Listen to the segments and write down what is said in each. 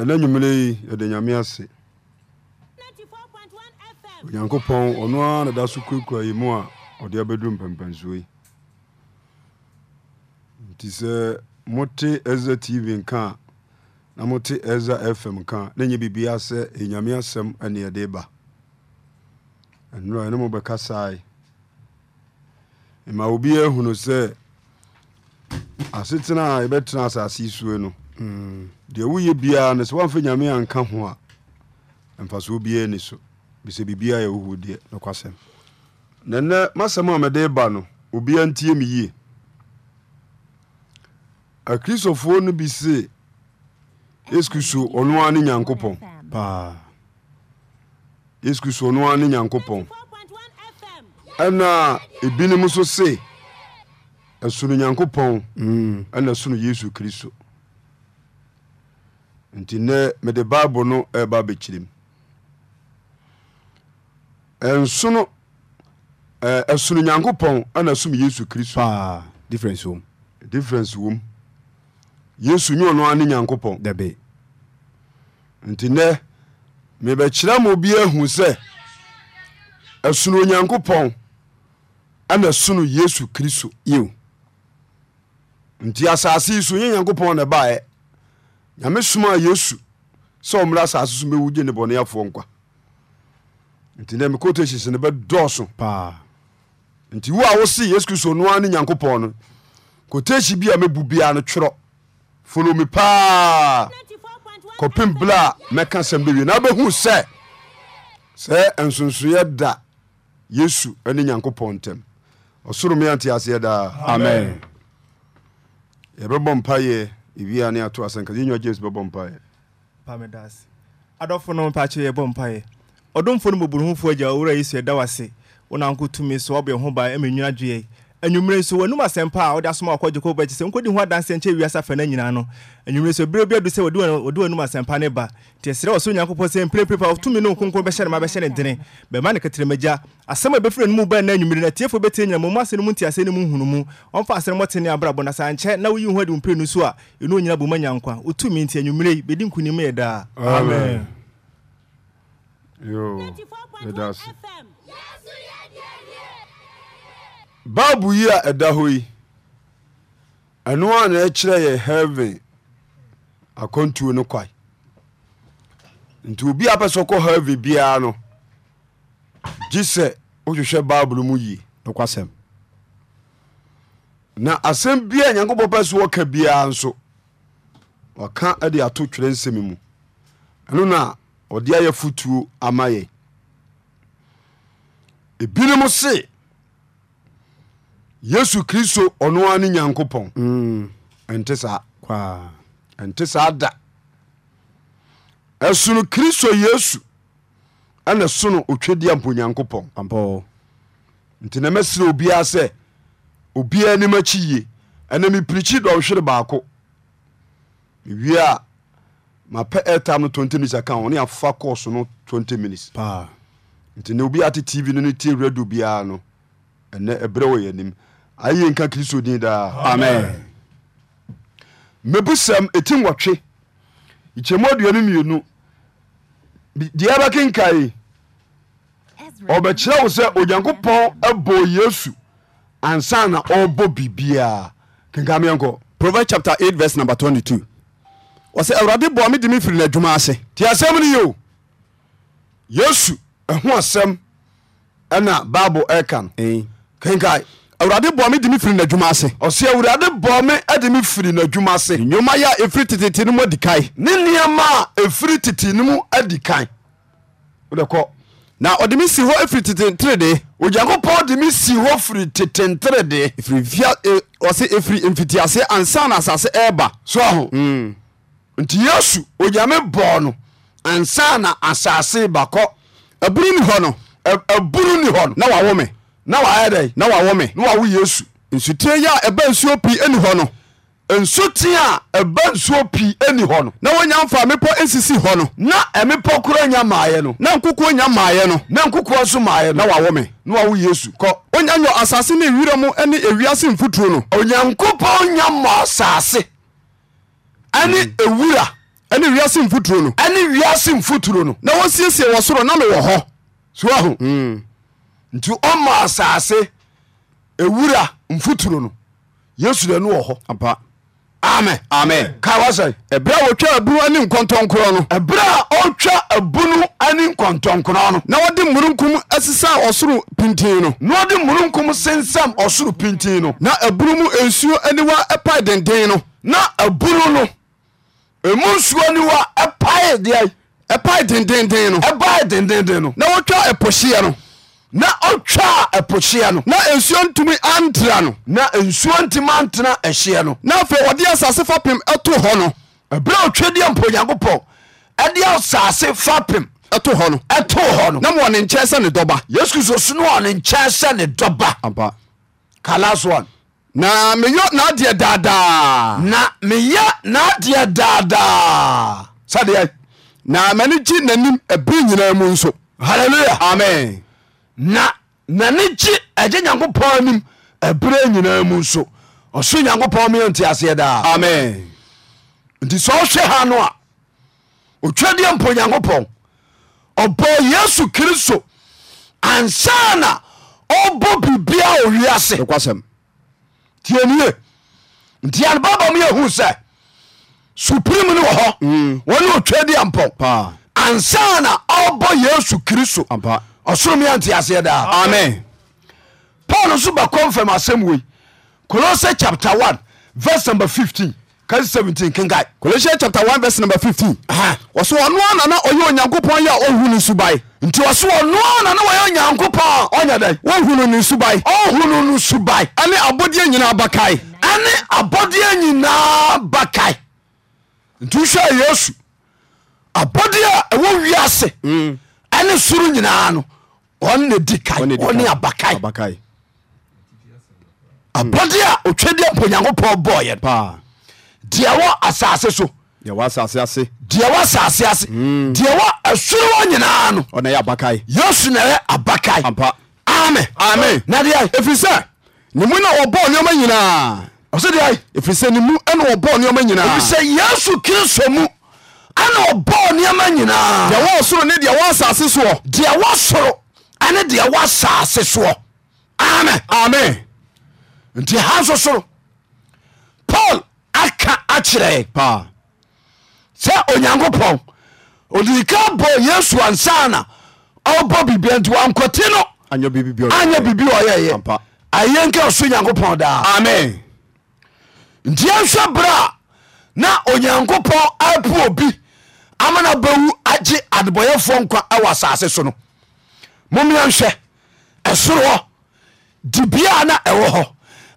ɛna nwumere yi yɛde nyame ase onyankopɔn ɔno ara na da so kurakura yi mu a ɔde abɛduru mpampansuo yi nti sɛ mote ɛza tv nka a na mote ɛza fm nka a na nyɛ biribiaa sɛ ɛnyame asɛm ɛne yɛde ba ɛnora ɛne mobɛka sae ma obiaa ahunu sɛ asetena a yɛbɛtena asase yi sue no deɛ woyɛ qui no sɛ woamfa nyame anka ho a mfasoɔ bien, ni so bisɛ biribiaa yɛwohu deɛ nokwasɛm nanɛ masɛm a mede ba no obiaa ntie me yie akristofoɔ no bi se yesu ɔno ara ne nyankopɔn yesu kristo ɔno ara ne nyankopɔn ɛna ebinom nso se ɛsono mm. yesu kristo nti nɛ mede bible no ɛba bɛkyirem nsono ɛsono nyankopɔn ana som yesu kristo difference wom difference wom yesu nyɛ ɔno a ne nyankopɔn dabe nti nɛ mebɛkyerɛ ma obi ahu sɛ ɛsono onyankopɔn ana sono yesu kristo yeo nti asase yi so nyɛ nyankopɔn na ɛbaɛ nyame somaa yesu sɛ ɔmmra asase so mɛwugye ne bɔneafoɔ nkwa nti nɛ mekotations no bɛdɔɔso nti wo a wose yesu kristo no a ne nyankopɔn no kotahyi bi a mɛbu biaa no tworɔ folo me paa kɔpem bla a mɛka sɛm bɛwie na wobɛhu sɛ sɛ nsonsoeɛ da yesu ne nyankopɔn ntam ɔsoro me anteaseɛ daa amen yɛbɛbɔ mpayɛ ebia ne ato asɛnka yɛnyɛ james bɛbɔ mpaeɛ pamedase adɔfo no mpɛakyɛ yɛbɔ mpaeɛ ɔdomfo no mmɔborɔhufoɔ agya owura yesu ɛda w ase wonanko so wabɛ ho ba ɛma nwina dweɛ anwummerɛ nso w'anum asɛm pa a wode asoma wakɔ gyekɔ bɛkyi sɛ nkɔdi ho adanseɛ nkyɛ wiase afɛ no nyinaa no anwummerɛ nso berɛ bi adu sɛ wɔde w'anum asɛm pa ne ba nti ɛserɛ wɔ sɛ onyankopɔn sɛ mprɛprɛ pa wotumi no nkonkron bɛhyɛ ne ma bɛhyɛ ne dene bɛma ne katrɛmagya asɛm a ɛbɛfiri no mu bɛn na anwummere no atiefoɔ bɛtie nyina momu asɛ no mu ntiasɛ no mu hunu mu ɔmfa asɛm mɔte ne abrabɔ na sɛ ankyɛ na woyi ho ade wo mprɛ no so a ɛno onyina boma nya nkwa wotumi nti anwummere yi bɛdi nkonim yɛ daa amen yo, Baabu yi a ɛda hɔ yi ɛno a na ɛkyerɛ yɛ heaven akwantuo no kwae nti obi apɛ sɛ ɔkɔ heaven biara no gye sɛ wohwehwɛ bible mu yie nokwasɛm na asɛm biaa nyankopɔn pɛ so wɔka biara nso ɔka de ato twerɛ nsɛm mu ɛno na ɔde ayɛ futuo ama yɛ ebinom se yesu kristo ɔnoara no yankopɔn nt saa ɛnte saa da ɛsono kristo yesu ɛne sono otwadie ampo nyankopɔn nti nemɛserɛ obiara sɛ obiara nimakyiye ɛnamiprikhi dɔnhwere baako wie a mapɛ airtime no 20 minuts ka ɔne afa kɔso no 20 minutes nti neobi ate tv no no tiwradobiara no ɛnɛ ɛbrɛ wɔ yɛ nim ayɛ nka kristo din daa amen mebusɛm ɛtim wɔtwe nkyɛmu mmienu deɛ bɛkenkae ɔbɛkyerɛ wo sɛ onyankopɔn ɛbɔ yesu ansa na ɔrebɔ biribiaa kenkameɛnkɔ proverbs chapter 8 verse number 22 wɔsɛ awurade bɔ me de me firi n'adwuma ase nti asɛm yio yesu ɛho asɛm na bible ɛka no awurade bɔ me de me firi n'adwuma ase ɔsɛ awurade bɔ me ade me firi n'adwuma ase nnwoma yɛ a ɛfiri tetete no mu adi kan ne nneɛma a ɛfiri tete no mu adi kan wodɛkɔ na ɔde me si hɔ ɛfiri tetenterede onyankopɔn de me si hɔ firi tetenterede ɛfiri e, ɔse ɛfiri mfitiase ansa na asase ɛɛba so aho hmm. nti yesu onyame bɔɔ no ansa na asase bakɔ aburu ni hɔ no aburu ni hɔ no na wawo me na wayɛ dɛn na wawo me na wawo yesu nsutee yɛ a ɛba nsuo pii ani hɔ no nsutee a ɛba nsuo pii ani hɔ no na wonya mfa mepɔ nsisi hɔ no na ɛmepɔ kora nya maaeɛ no na nkukuo nya maaeɛ no na nkokoɔ nso maaeɛ no na wawo me na wawo yesu kɔ onya nyɛ asase ne ewira mu ne ewiase mfuturo no onyankopɔn nya mɔ asase ɛne hmm. ewura ɛne wiase mfuturo no ɛne wiase mfuturo no na wosiesie wɔ soro na mewɔ hɔ soaho hmm. nti ɔma asase ewura nfuturo no yesu dani wɔ hɔ ame kawasɛ ɛberɛ a wɔtwa abunu ane nkɔntɔnkorɔ no ɛberɛ a ɔtwa abunu ane nkɔntɔnkorɔ no na wɔde mmurunkum ɛsesa ɔsoro pintin no na ɔde mmurunkum sensam ɔsoro pintin no na abunu mu nsuo aniwa ɛpae denden no na abunu no emu nsuo aniwa ɛpae deɛ ɛpae dendenden no ɛpae dendenden no na wɔtwa ɛpɔhyeɛ no na ɔtwaa ɛpohyeɛ no na nsuo ntumi antera no na nsuo ntimi antena ɛhyeɛ no na afei ɔde asase fa pem ɛto hɔ no ɛberɛ ɔtwadeɛ mpo onyankopɔn ɛde asase fa pem ɛto hɔ no ɛto hɔ no na ma ɔne nkyɛn sɛ ne dɔba yesu kristo so no ɔne nkyɛn sɛ ne dɔba kalasoan na meyɛ naadeɛ daadaa na meyɛ naadeɛ daadaa sɛdeɛ na m'ani gye n'anim ɛbere nyinaa mu nso halleluya amen na nane gye agye nyankopɔn anim aberɛ nyinaa mu nso ɔso nyankopɔn mayɛntiaseɛ daa nti sɛ ɔhwɛ ha no a ɔtwadeɛ mpɔ nyankopɔn ɔbɔ yesu kristo ansaa na ɔbɔ birbia owiase ntienie nti anbabɔ mo yɛhuu sɛ suprim ne wɔ hɔ mm. wɔne otwa deɛ mpɔ ansaa na ɔbɔ yesu kristo ɔsoromeanteaseɛ daa amen paul nso bɛkɔ mfam asɛm wei kolose chapter 1 verse number 15 chapter 1 verse number 15 wɔso ɔno ana na ɔyɛ onyankopɔn yɛ ɔhu no subae nti ɔso ɔno na wɔyɛ onyankopɔn ɔnya dɛn wɔhunu no subae ɔhunu abɔdeɛ nyinaa bakae ɛne abɔdeɛ nyinaa bakae nti yesu abɔdeɛ a ɛwɔ wiase mm. nyinaa ɔnne di kae ɔne abakae abɔde a otwadeɛ mpo nyankopɔn bɔɔyɛ no deɛ wɔ asase so deɛ wɔ asase ase deɛ wɔ asuro wɔ nyinaa no yesu na ɛyɛ abakae ame na deɛ ɛfiri ne mu na wɔbɔɔ nneɔma nyinaa ɔsɛ deɛ ɛfiri sɛ ne mu ɛna wɔbɔɔ nneɔma nyinaa ɛfiri sɛ yesu kristo mu ɛna ɔbɔɔ nneɔma nyinaa deɛ wɔ ɔsoro ne deɛ wɔ asase soɔ deɛ wɔ soro ɛne deɛ wɔ asase soɔ nti ha nso sono paul aka akyerɛɛ sɛ onyankopɔn ɔdii ka bɔ yesu ansaana ɔbɔ biribia nti wnkɔte no ayɛ birbi ɔyɛyɛ ayɛnkɛ ɛso nyankopɔn daa nti ansɛ berɛ a na onyankopɔn apuobi amana bɛwu agye adebɔyɛfoɔ nkwa ɛwɔ asase so no momeɛnhwɛ ɛsoro hɔ dibia na ɛwɔ hɔ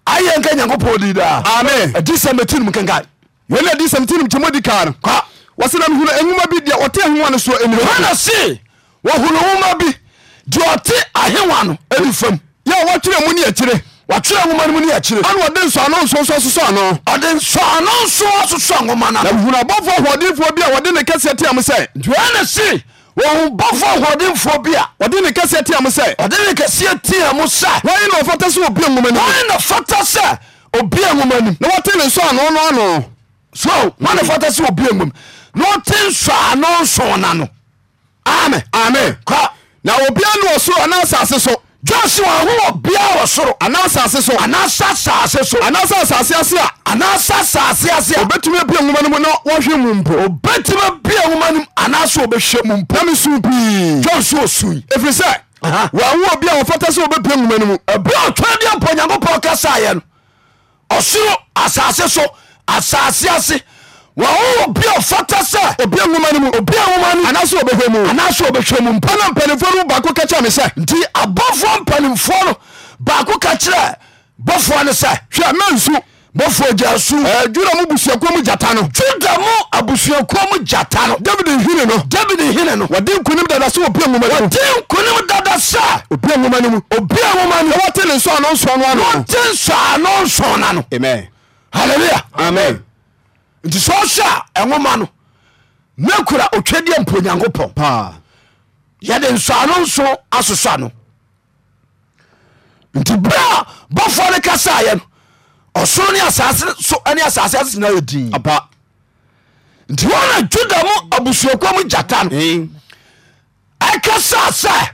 ayɛ nka nyankopɔn di daa amen adisɛm bɛtinom kenka yɛne adisɛm tinom kyɛ mɔdi kaa no ka wɔsena mehunu anwuma bi deɛ ɔte ahewa no so ɛnihana se wɔhunu nwoma bi deɛ ɔte ahewa no ɛni fam yɛ wɔtwerɛ mu ne akyire wɔtwerɛ nwoma no mu ne akyire ane ɔde nsɔano nso nso asosɔ ano ɔde nsɔano nso asosɔ nwoma no na mehunu abɔfoɔ hoɔdenfoɔ bi a wɔde ne kɛseɛ team sɛ nti wɔne wɔhobɔfo hoɔdenfoɔ bi a ɔde ne kɛseɛ tea mo sɛ ɔde ne kɛseɛ tea mo sɛ wɔn na ɔfata sɛ obi nwoma nim wɔn na fata sɛ obi nwoma nim na wɔte ne nsɔ ano no ano so wɔn na fata sɛ obi nwom na wɔte nsɔ ano nsɔn na no amen amen kɔ na obiara no wɔ soro anaa asase so jose wɔho ɔbia wɔ soro anasase so anasa sase so anasa asase ase a anasa sase ase a obɛtumi abia nwoma no mu na wɔhwe mu mpo obɛtumi abia nwoma no mu anaasɛ wɔbɛhwɛ mu mpo na mesu pii jose ɔsui ɛfiri sɛ wɔawo obi a wɔfata sɛ wɔbɛpia nwoma no mu ɛberɛ ɔtwa deɛ mpo onyankopɔn kasaeɛ no ɔsoro asase so asase ase wɔwo obi ɔfata sɛ obi nwoma no mu obi nwoma no anaasɛ ɔbɛhwɛ mu anaso ɔbɛhwɛ mu mpa na mpanimfoɔ no mu baako ka kyerɛ me sɛ nti abɔfoɔ mpanimfoɔ no baako ka kyerɛ bɔfoɔ no sɛ hwɛ ma nsu bɔfoɔ gya su juda mu busuakuo mu gyata no juda mu abusuakuo mu gyata no david hene no david hene no wɔde nkonim dada sɛ obi nwoma no mu wɔde nkonim dada sɛ obi nwoma no mu obi nwoma no mu wɔte ne nsɔano nsɔano ano wɔte nsɔano nsɔano ano amen hallelujah amen nti sɛ ɔhyɛ a ɛwoma no na kura otwadeɛ mpo onyankopɔn yɛde nsoano nso asosɔ no nti berɛ a bɔfoɔ no kasayɛ no ɔsoro ne asase so ne asase ase tena yɛ din nti wɔna juda mu abusuakua mu gyata no ɛkasa sɛ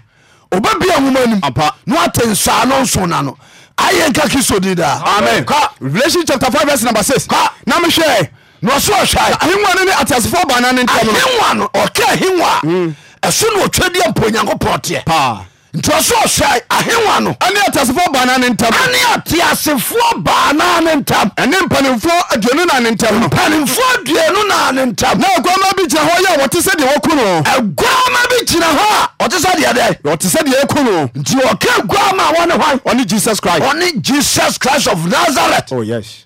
ɔbɛbia nwoma nim na wate nsoano nso na no ayɛ nka kristo di daa amen revelation chapter five verse number six. na mehwɛ nɔsowɔhwɛ ahewa no ne ateasefoɔ bana no ntahewa no ɔka ahewa mm. a ɛso no ɔtwadiɛ mpo onyankopɔn teɛ nti ɔsowɔhwɛ ahewa no ɛne ateasefoɔ bana no ntam ɛne ateasefoɔ baana no ntam ɛne mpanimfoɔ aduonu na ne ntam mpanimfoɔ aduonu na ne ntam na aguama bi gyina hɔ yɛ a wɔte sɛdeɛ wɔku no aguama bi gyina hɔ a ɔte sɛdeɛ dɛ ɔte sɛdeɛ ɛku no nti ɔka aguama a wɔne hwan ɔne jesus christ ɔne jesus christ of nazareth oh, yes.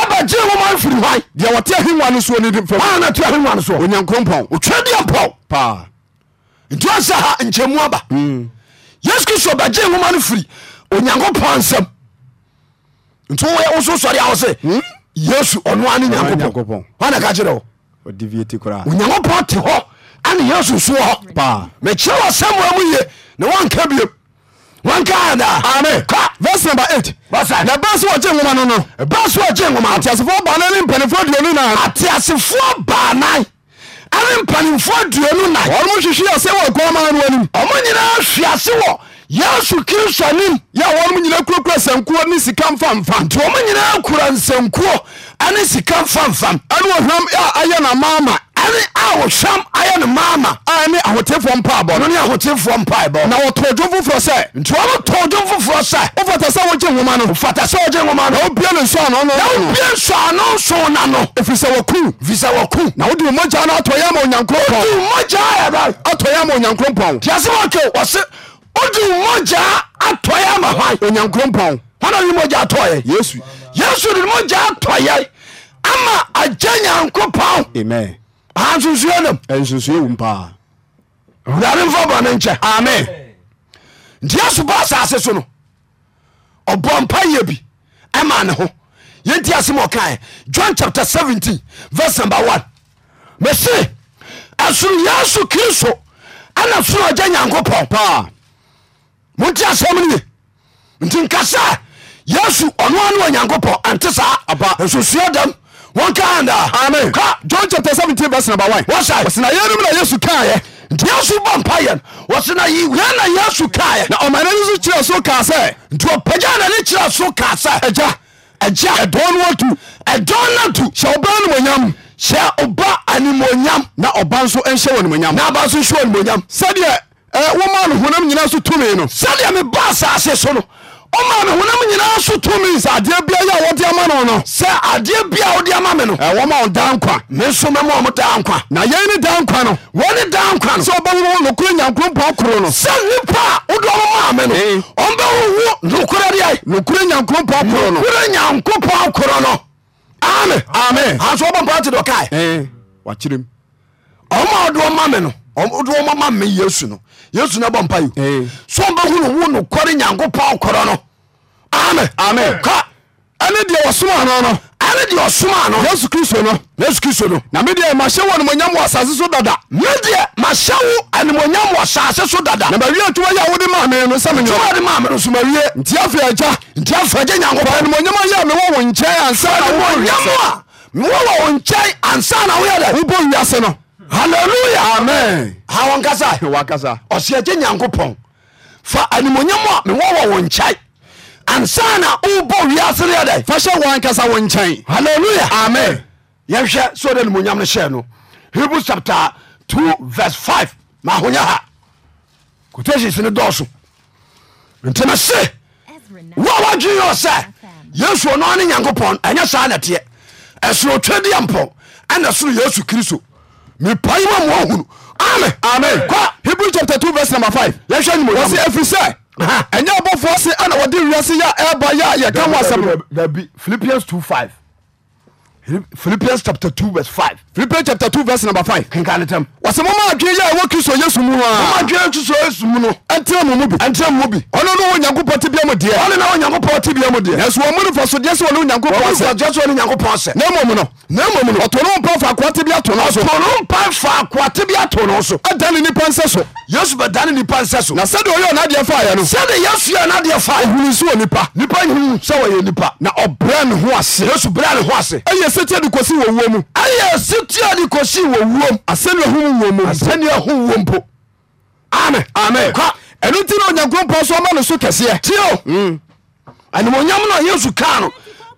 ɛbɛgye woma mfiri hwan deɛ wɔte ahenwa no soɔ no difana to ahenwa no soɔ onyankopɔn ɔtwa deɛ pɔw paa nti ɔsɛ ha nkyɛmu aba hmm. yesu kristo bɛgye woma no firi onyankopɔn nsɛm nti woyɛ woso sɔre a wo sɛ hmm? yesu ɔnoa ne nyankopɔn wana ka kyerɛ wo onyankopɔn te hɔ ane yesu soɔ hɔ mekyerɛ wɔ sɛmoa mu ye na wanka biom vs nb 8 na ɛba so wɔgye nwoma no no ɛba so wɔgye nwoma ateasefoɔ baana ne mpanimfoɔ aduonu nan ateasefoɔ baanan ɛne mpanimfoɔ aduonu nan ɔnom hwehwe ase wɔ kuama no anim ɔmo nyinaa hwe ase wɔ yesu kristo anim yɛ wɔnom nyinaa kurakura sankuo ne sika mfamfam nti ɔmo nyinaa kura nsankuo ɛne sika mfamfam ɛne ɔhwam a ayɛ na maama ɛne a wɔhwam ayɛ no maama a ne ahotefoɔ mpaabɔ no ne ahotefoɔ mpaebɔ na wɔtɔ dwom foforɔ sɛ nti wɔmotɔ dwom foforɔ sɛ wofata sɛ wogye nwoma no fata sɛ wogye nwoma no wobia no nsɔano no wobia nsɔano nso na no ɛfiri sɛ wɔku ɛfiri sɛ wɔku na wode mmɔgya no atɔ yɛ ma onyankorɔpɔn mmɔgya ɛba atɔ yɛ ma onyankorɔpɔn tiasɛ wɔke wɔse wode mmɔgya atɔ yɛ ma hwan onyankorɔpɔn hana ne mmɔgya atɔyɛ yesu yesu de mmɔgya atɔyɛ ama agya nyankopɔn amen oarmfbno nkɛ amen ntiasobɔ asase so no ɔbɔ mpa yɛ bi ɛma ne ho yentiase m ɔkaɛ jon chapte s vers namb 1e mese ɛsoro yesu kristo ana soro ɔgya nyankopɔn monti asɛm no ye nti nkasa yesu ɔnoano wa nyankopɔn ante saa nsusuo dm wọn ká àndá. amen ka john chapter seventeen verse number one. wọ́n ṣe. wọ́n ṣe na yẹn nínú na yẹsu ká yẹ. nti yẹsu bọ mpa yẹn wọ́n ṣe na yẹn na yẹsu ká yẹ. na ọmọ ẹni nso kyerɛ so kaa sɛ. nti ɔpɛgya na ne kyerɛ so kaa sɛ. ɛgya ɛgya ɛdɔn no atu. ɛdɔn no atu. hyɛ ɔbɛn animonyam. hyɛ ɔba animonyam. na ɔba nso nhyɛ wɔ animonyam. na ɔba nso nhyɛ wɔ animonyam. sɛdeɛ ɛɛ wɔn maa no honam nyinaa so tumi no. sɛdeɛ mi ba asaase so ɔma me honam nyinaa so tumi sɛ adeɛ bia yɛ wɔde ama no no sɛ adeɛ bia wode ama me no ɛwɔma wo da nkwa menso mɛma ɔmo da nkwa na yɛi ne da nkwa no wɔne da nkwa no sɛ ɔbɛwo nokoro nyankoropɔn koro no sɛ nnipa a wode ɔmo maa me no ɔmbɛwowo nokoro deɛ nokoro nyankoropɔn koro no nokoro nyankopɔn koro no ame ame aso wɔbɔ mpa te dɔkae wakyerem ɔma ɔde ɔma me no ɔde wɔmama me yesu no yesu no bɔ mpa yi so ɔbɛhu no wo nokware nyankopɔn korɔ no ame ame ka ɛne deɛ ɔsoma ano no ɛne deɛ ɔsoma ano yesu kristo no yesu kristo no na medeɛ mahyɛ wo animonyam wɔ asase so dada medeɛ mahyɛ wo animonyam wɔ asase so dada na mawie atuma yɛ a wode maa me no sɛ menyɔma de maa me no so mawie nti afei agya nti afei agya nyankopɔn animonyam ayɛ a mewɔ wo nkyɛn ansa na wowɔ nkyɛn ansa Hallelujah, amen ha wɔnkasa wakasa ɔseagye nyankopɔn fa animonyam a mewɔwɔ wo nkyɛe ansa na wobɔ wiase reɛ dɛ fa hyɛ wɔn ankasa wo nkyɛn halleluya amen yɛhwɛ sɛ ɔde animonyam no hyɛɛ no hebrews chapter two, verse 5 mahonya ha quotations no dɔɔso nti me se wo a woadwene yɛ sɛ yesu ɔno ne nyankopɔn ɛnyɛ saa nɛteɛ ɛsoro otwadeɛ mpɔ ɛna soro yesu kristo mepae ma mo ahunu amen amen hebrew chapter two verse number five yɛhwɛ nimu wɔsi efi sɛ ɛnyɛ abɔfoɔ se ɛna wɔde wiase yɛ ɛɛba yɛ a yɛka ho asɛm no dabi philippians two five philippians chapter two verse five. philippians chapter two verse number five. kinka ne tẹm. wàsàn mo máa dùn yẹ ẹwọ kristu yesu mu wa. mo máa dùn yẹ kristu yesu mu no. ẹ tẹ́ mu mu bi. ẹ tẹ́ mu bi. ọ̀nà ni wọ́n yankun pọ̀ ti bí ẹ mu diẹ. ọ̀nà ni wọ́n yankun pọ̀ ti bí ẹ mu diẹ. yẹsu wọn múni faso diẹ sẹ wọn ni yankun pọ̀ sẹ. wọn wọn ni yankun pọ̀ sẹ. n'e mọ̀ mu nọ. n'e mọ̀ mu nọ. ọ̀tọ̀ ní npa ti bí ato náà na sẹ́dọ̀ oyè ọ̀nàdìẹ fa yẹn no. sẹ́dọ̀ yesu nipa. nipa yìí sẹ wọ yẹ na ọ̀brẹ́ ni hu ase. yesu brẹ́ asetia de kosi wɔ wuo mu. ayɛ asetia de kosi wɔ wuo mu. asɛnni ɛhun wɔ mu. asɛnni ɛhun wɔ mpo. amen. amen. kwa ɛnu ti na onyankunpɔ so ɔma ne so kɛseɛ. tiyo ɛnumonyam mm. na yesu kaa no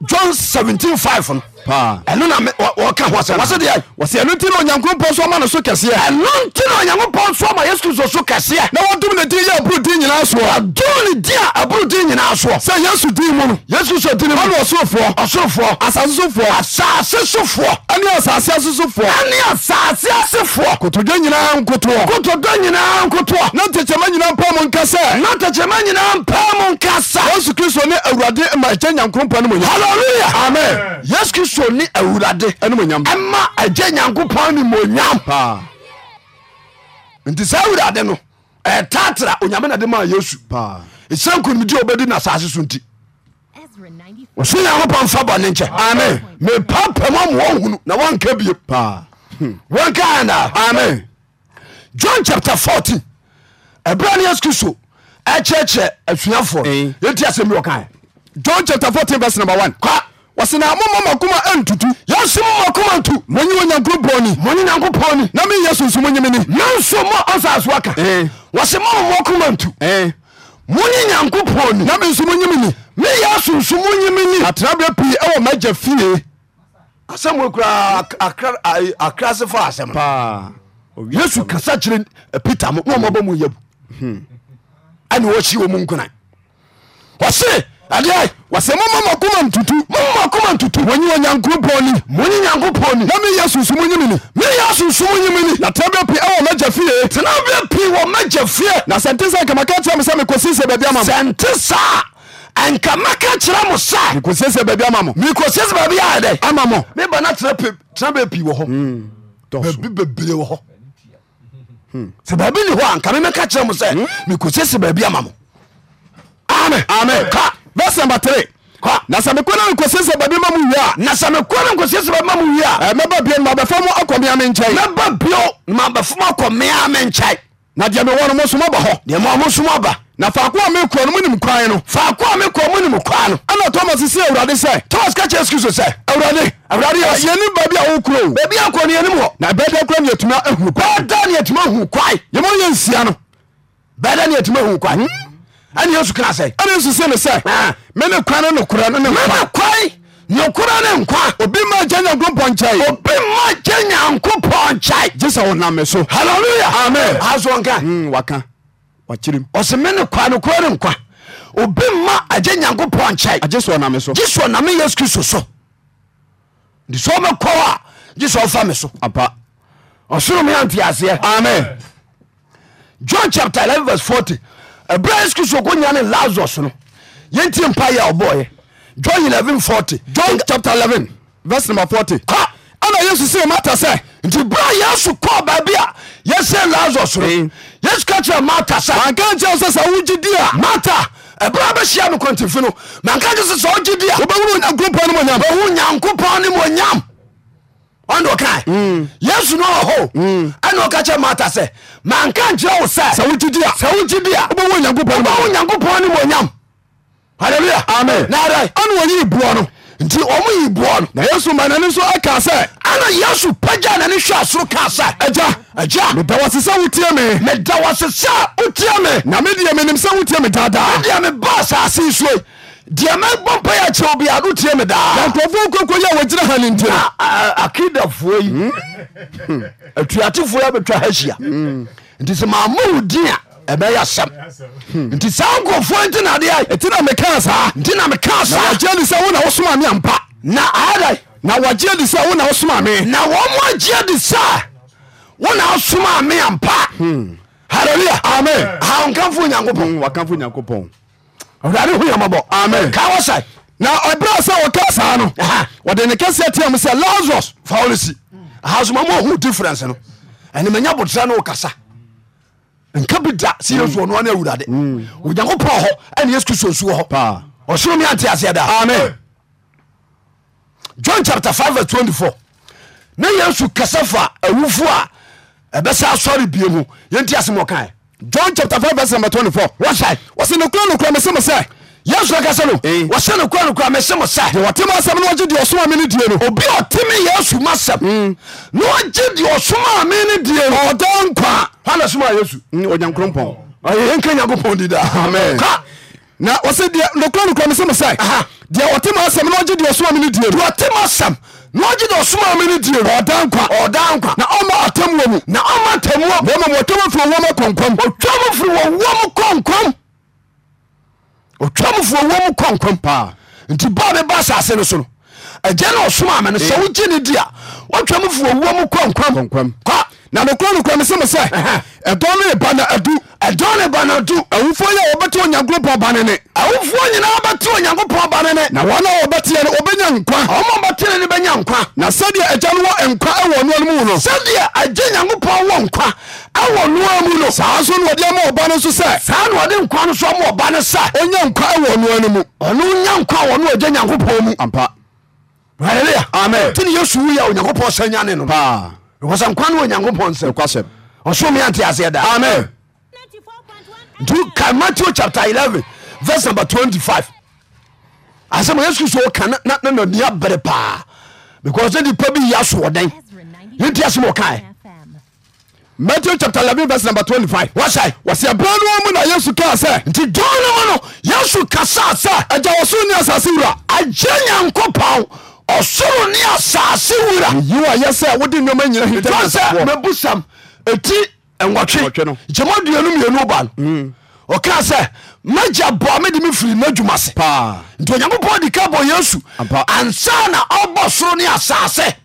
john seventeen five no ɛno na wɔka ho asɛm wɔse deɛ wɔse ɛno nti na onyankopɔn so ama no so kɛseɛ ɛno nti na onyankopɔn so ama yesu kristo so kɛseɛ na wɔdom ne din yɛ aboro din nyinaa soɔ wɔdom ne din a aboro din nyinaa soɔ sɛ yesu din mu no yesu so din mu ɔne ɔsorofoɔ ɔsorofoɔ asase sofoɔ asase sofoɔ ɛne asase asosofoɔ ɛne asase asefoɔ kotodwa nyinaa nkotoɔ kotodwa nyinaa nkotoɔ na ntɛkyɛma nyinaa mpa mo nka sɛ na ntɛkyɛma nyinaa mpa mo nka sa yesu kristo ne awurade ma ɛkyɛ nyankopɔn no mu halleluya amen yesu kristo kristo ne awurade ɛma agye nyankopɔn ne monyam nti saa awurade no ɛtatra onyame na de maa yesu ɛsiane nkonimdi a obɛdi n'asase so nti ɔso nyankopɔn mfa bɔne nkyɛ ame mepa pam ama wɔhunu na wɔnka biem hmm. wɔnka ana ame john chapter 14 ɛberɛ ne yesu kristo ɛkyerɛkyerɛ asuafoɔ yɛnti asɛm bi wɔkaɛ john chapter 14 verse number 1 wɔsena momɔ makoma antutu yɛso mo makoma ntu monye onyankopɔni mone nyankopɔni na meyɛ sunsum nyemene nanso mo asase aka wɔse momɔ makoma ntu mone nyankopɔni na menso mo nyemene meyɛ sunsum nyemene atraberɛ pii ɛwɔ magya fie asɛm wɔ kura se fa asɛm paa yesu kasa kyerɛ eh, peter mo na ɔmaba mu yabu ɛne wɔhyi wɔ mu nkona wɔse ɛdeɛ wɔsɛ momma makoma ntutu momma makoma ntutu wɔnyi onyankopɔn ni monye nyankopɔn ni na meyɛ sunsumu nyimini meyɛ sunsumu nyimini na tena bɛ pii ɛwɔ mɛgya fie tena bɛ pii wɔ mɛgya fie na sɛ nte sɛ kamaka kyerɛ me sɛ mekɔsi sɛ baabi ama sɛ nte saa ɛnka mɛka kyerɛ mo sɛ mekɔsie sɛ baabi ama mo mekɔsie sɛ baabi ayɛ dɛ ama mo meba na tena bɛ pii wɔ hɔ baabi bebree wɔ hɔ sɛ baabi ne hɔ a nka memɛka kyerɛ mo sɛ mekɔsie sɛ baabi ama mo amen amen ka verse number three na sɛ eh, mekɔ no nkɔsie sɛ babi ma mu wie a na sɛ mekɔ no nkɔsie sɛ babi ma mu wie a mɛba bio no mabɛfa mu akɔmea me nkyɛe mɛba bio mabɛfa mu akɔmea me nkyɛe na deɛ mewɔ no mosom aba hɔ deɛ ma mosom aba na faako a mekɔ no monim kwan no faako a mekɔ monim kwan no ɛna thomas sɛ awurade sɛ thomas ka kyerɛ skiso sɛ awurade awurade yɛni baabi a wokuro baabi akɔ no yɛnim hɔ na bɛda kora ne yɛtumi ahunu bɛda ne ahu kwae yɛmɔ yɛ nsia no bɛda ne ahu kwae hmm. ɛne yesu kra sɛ ɛne yesu se ne sɛ ah. mene kwa ne nokorɛ no ne mene kwae nokora ne nkwa obi ma gya nyankopɔn nkyɛe obi ma gya nyankopɔn nkyɛe gye sɛ wonam me so halleluya amen asoɔ nka hmm, waka wakyirim ɔse mene kwa nokora ne nkwa obi ma agye nyankopɔn nkyɛe agye sɛ ɔnam me so gye sɛ ɔname yesu kristo so nti sɛ ɔmɛkɔ a gye sɛ ɔfa me so apa ɔsoro me amfiaseɛ amen john chapter 11 verse 40 ɛberɛ yesu kristo ko nya lazarus no yɛntie mpa yɛ ɔbɔɔyɛ john 1140 john chapter 11 verse number 40 ha ɛna yesu sɛ mata sɛ nti berɛ a yesu kɔɔ baabi a yɛsɛ lazarus no yesu ka kyerɛ mata sɛ anka nkyɛ sɛ sɛ wogye di a mata ɛberɛ bɛhyia no kwantifi no manka kye sɛ sɛ wogye di a wobɛhunu nyankopɔn ne mɔnyam bɛhu nyankopɔn ne mɔnyam ka mm. yesu no wɔhɔ mm. ɛne ɔka kyɛ mata sɛ manka nkyerɛ wo sɛ sɛ wogyidi a wobɛwɔ onyankopɔn ne mɔnyam halleluya amen nara ɛne wɔne yiboɔ no nti ɔmo yiboɔ no na yesu ma nane nso ɛka sɛ yesu nane hwɛ asoro ka sɛ agya agya meda wɔ se wotie me meda wɔ se wotie me na medeɛ menim sɛ wotie me daadaa medeɛ asase deɛ mɛbɔ mpa yɛ kyerɛ obi tie daa a wɔgyina ha no nti akidafoɔ yi hmm? Hmm. atuatefoɔ yi abɛtwa ha hyia hmm. nti sɛ maama a ɛbɛyɛ asɛm nti saa nkurɔfoɔ nti na adeɛ ɛti na mekaa saa nti na mekaa saa wɔgye adi sɛ wo na wosoma me ampa na ada na wɔgye adi sɛ wo na wosoma na wɔmo agye adi na wosoma me amen ha awurade hu yamabɔ amen kawo sɛ na ɛberɛ sɛ wɔka saa no wɔde ne kɛseɛ team sɛ lazarus fa wo no si mm. ahasoma ma ɔhu difference no manya botra no wokasa nka bi da sɛ yesu ɔnoa no awurade mm. onyankopɔn hɔ ɛne yesu kristo nsu wɔ hɔ ɔsoro me ante aseɛ da amen john chapter 5 verse 24 ne yesu kasa fa awufoɔ a ɛbɛsɛ asɔre bie mu yɛnti asɛm ɔkaɛ john chapter five verse number twenty four. wọ́n wọ́n sẹ́ nìkúrẹ́ nìkúrẹ́ mi sẹ́ mo yẹ́sùn ẹ̀kásẹ́ lò. wọ́n sẹ́ nìkúrẹ́ nìkúrẹ́ mi sẹ́ mo sẹ́. diẹ ma sẹ́mu ni wọ́n jí di ọ̀sùn àmì ni diẹ nù. obi ọ̀tí mi yẹ́sù ma sẹ́mu. ni wọ́n jí di ọ̀sùn àmì ni diẹ nù. ọ̀dọ́ nkwa. hànà sùnmọ́ yẹ́sù. ọ̀nyankurọ̀ pọ̀. ọ̀yẹ́ nkẹ́ nyankunpọ̀ amen. n'ọjọ́ dọ̀ súnmọ́ mi ni diẹ. ọ̀dà nkwa. ọ̀dà nkwa. na ọma atamu omi. na ọma atamu omi. wọ́n mọ̀ ọ̀tọ́ mi fún wọn kọ̀ǹkọ̀m. ọ̀tọ́ mi fún wọn wọn kọ̀ǹkọ̀m. ọ̀tọ́ paa. nti báwo ni bá aṣáṣe ni sọ̀rọ̀ ẹ̀jẹ̀ náà súnmọ́ àmì ni sọ wọ́n jí ni di a na n'okpuru n'okpuru mi sẹ́ mi sẹ́ ẹ̀dọ́ ɛdɔne banadu, awufoɔ yɛ wɔbɛte onyankopɔn bane ne awofoɔ nyinaa bɛte onyankopɔn bane ne na wɔn a wɔbɛteɛ no wɔbɛnya nkwa ɔma bɛtene no bɛnya nkwa na sɛdeɛ agya no wɔ nkwa ɛwɔ noa no mu no sɛdeɛ agye nyankopɔn wɔ nkwa ɛwɔ noa mu no saa nso na wɔde ama ɔba no nso sɛ saa na wɔde nkwa no so ama ɔba no sɛ ɔnya nkwa ɛwɔ noa no mu ɔno nya nkwa wɔ no ɔgye nyankopɔn mu ampa hallelujah amen tini yesu wuya onyankopɔn sɛ nyane no paa because nkwa no wɔ nyankopɔn nsɛm ɔsome ante aseɛ daa amen ntuka matthew chapter 11 verse number 25 asɛm yesu kristo woka na nania bere paa because nipa bi yɛ asoɔden yɛnti asɛm ɔkae matthew chapter 11 verse number 25 wɔhyɛ wɔsɛ ɛberɛ no mu na yesu kaa sɛ nti dɔn no mu no yesu kasaa sɛ agya wɔsoro ne asase wura agye nyankopɔn ɔsoro ne asase wura yiwa yɛ sɛ wode nnwɔma nyina hintɛ sɛ mabusam ɛti nwɔtwe gyama duanu mmienu ba no ɔka sɛ magya boa mede me firi n'adwuma se nti onyankopɔn di ka bɔ yesu ansa na ɔbɔ soro ne asase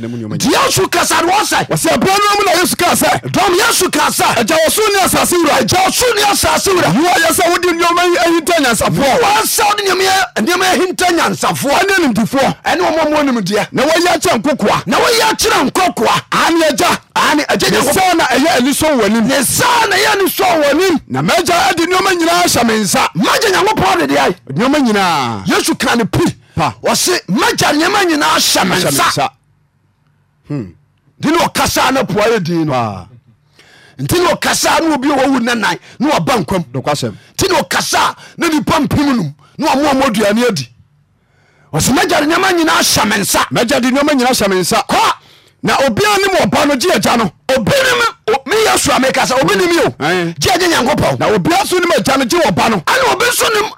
diɛ kasa ni wɔn sɛ. wɔsi ɛbɛn ni wɔn mu na yesu kaa sɛ. dɔm yesu kaa sɛ. ɛjɛ wɔsu ni asase wura. ɛjɛ wɔsu ni asase wura. yiwa yasa wodi nneɛma ehinta nyansafoɔ. wɔn asaw ni nneɛma nneɛma ehinta nyansafoɔ. ɛne nimdifoɔ. ɛne wɔn mu nimdiɛ. na wɔyi akyerɛ nkokoa. na wɔyi akyerɛ nkokoa. ani ɛja. ani ɛja nyɛ kɔ. na ɛyɛ anisɔn wɔ nim. na ɛyɛ anisɔn wɔ nim. na mɛja adi nneɛma nyinaa hyɛ mi nsa. mɛja nyankopɔn de deɛ. nneɛma nyinaa. yesu kan ne pi. pa. wɔsi mɛja nneɛma Hmm. ntine ɔkasa na poa yɛ din no ntine ɔkasa na obi wɔwu ne nan na waba nkwam ntine ɔkasa na nipa mpem num na wamoamɔ aduane adi ɔsɛ mɛgya de nneɛma nyinaa hyɛ me nsa mɛgya de nneɛma nyinaa hyɛ me nsa kɔ na obiara ne mu ɔba no gye agya no obi ne mu meyɛ sua mekasa obi ne mi o gye agye nyankopɔn na obiara so ne mu agya no gye wɔba no ɛne obi so ne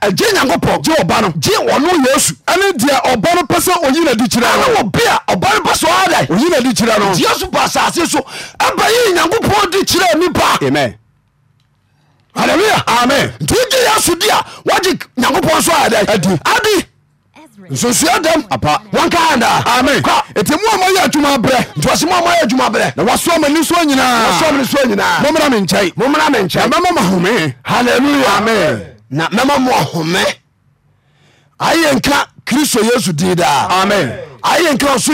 agye nyankopɔn gye ɔba no gye ɔno yesu ɛne deɛ ɔba no pɛ sɛ oyi na di kyerɛ no ɔbe a ɔba no pɛ sɛ ɔada oyi na di kyerɛ no gye asase so nyankopɔn di kyerɛ nipa amen amen nti wogye yesu a wagye nyankopɔn so adi adi nsonsua apa wanka anda amen mu yɛ adwuma brɛ mu yɛ adwuma na nyinaa ni nyinaa nkyɛn mamho ayɛka kriso yes diidaa nyankpɔdds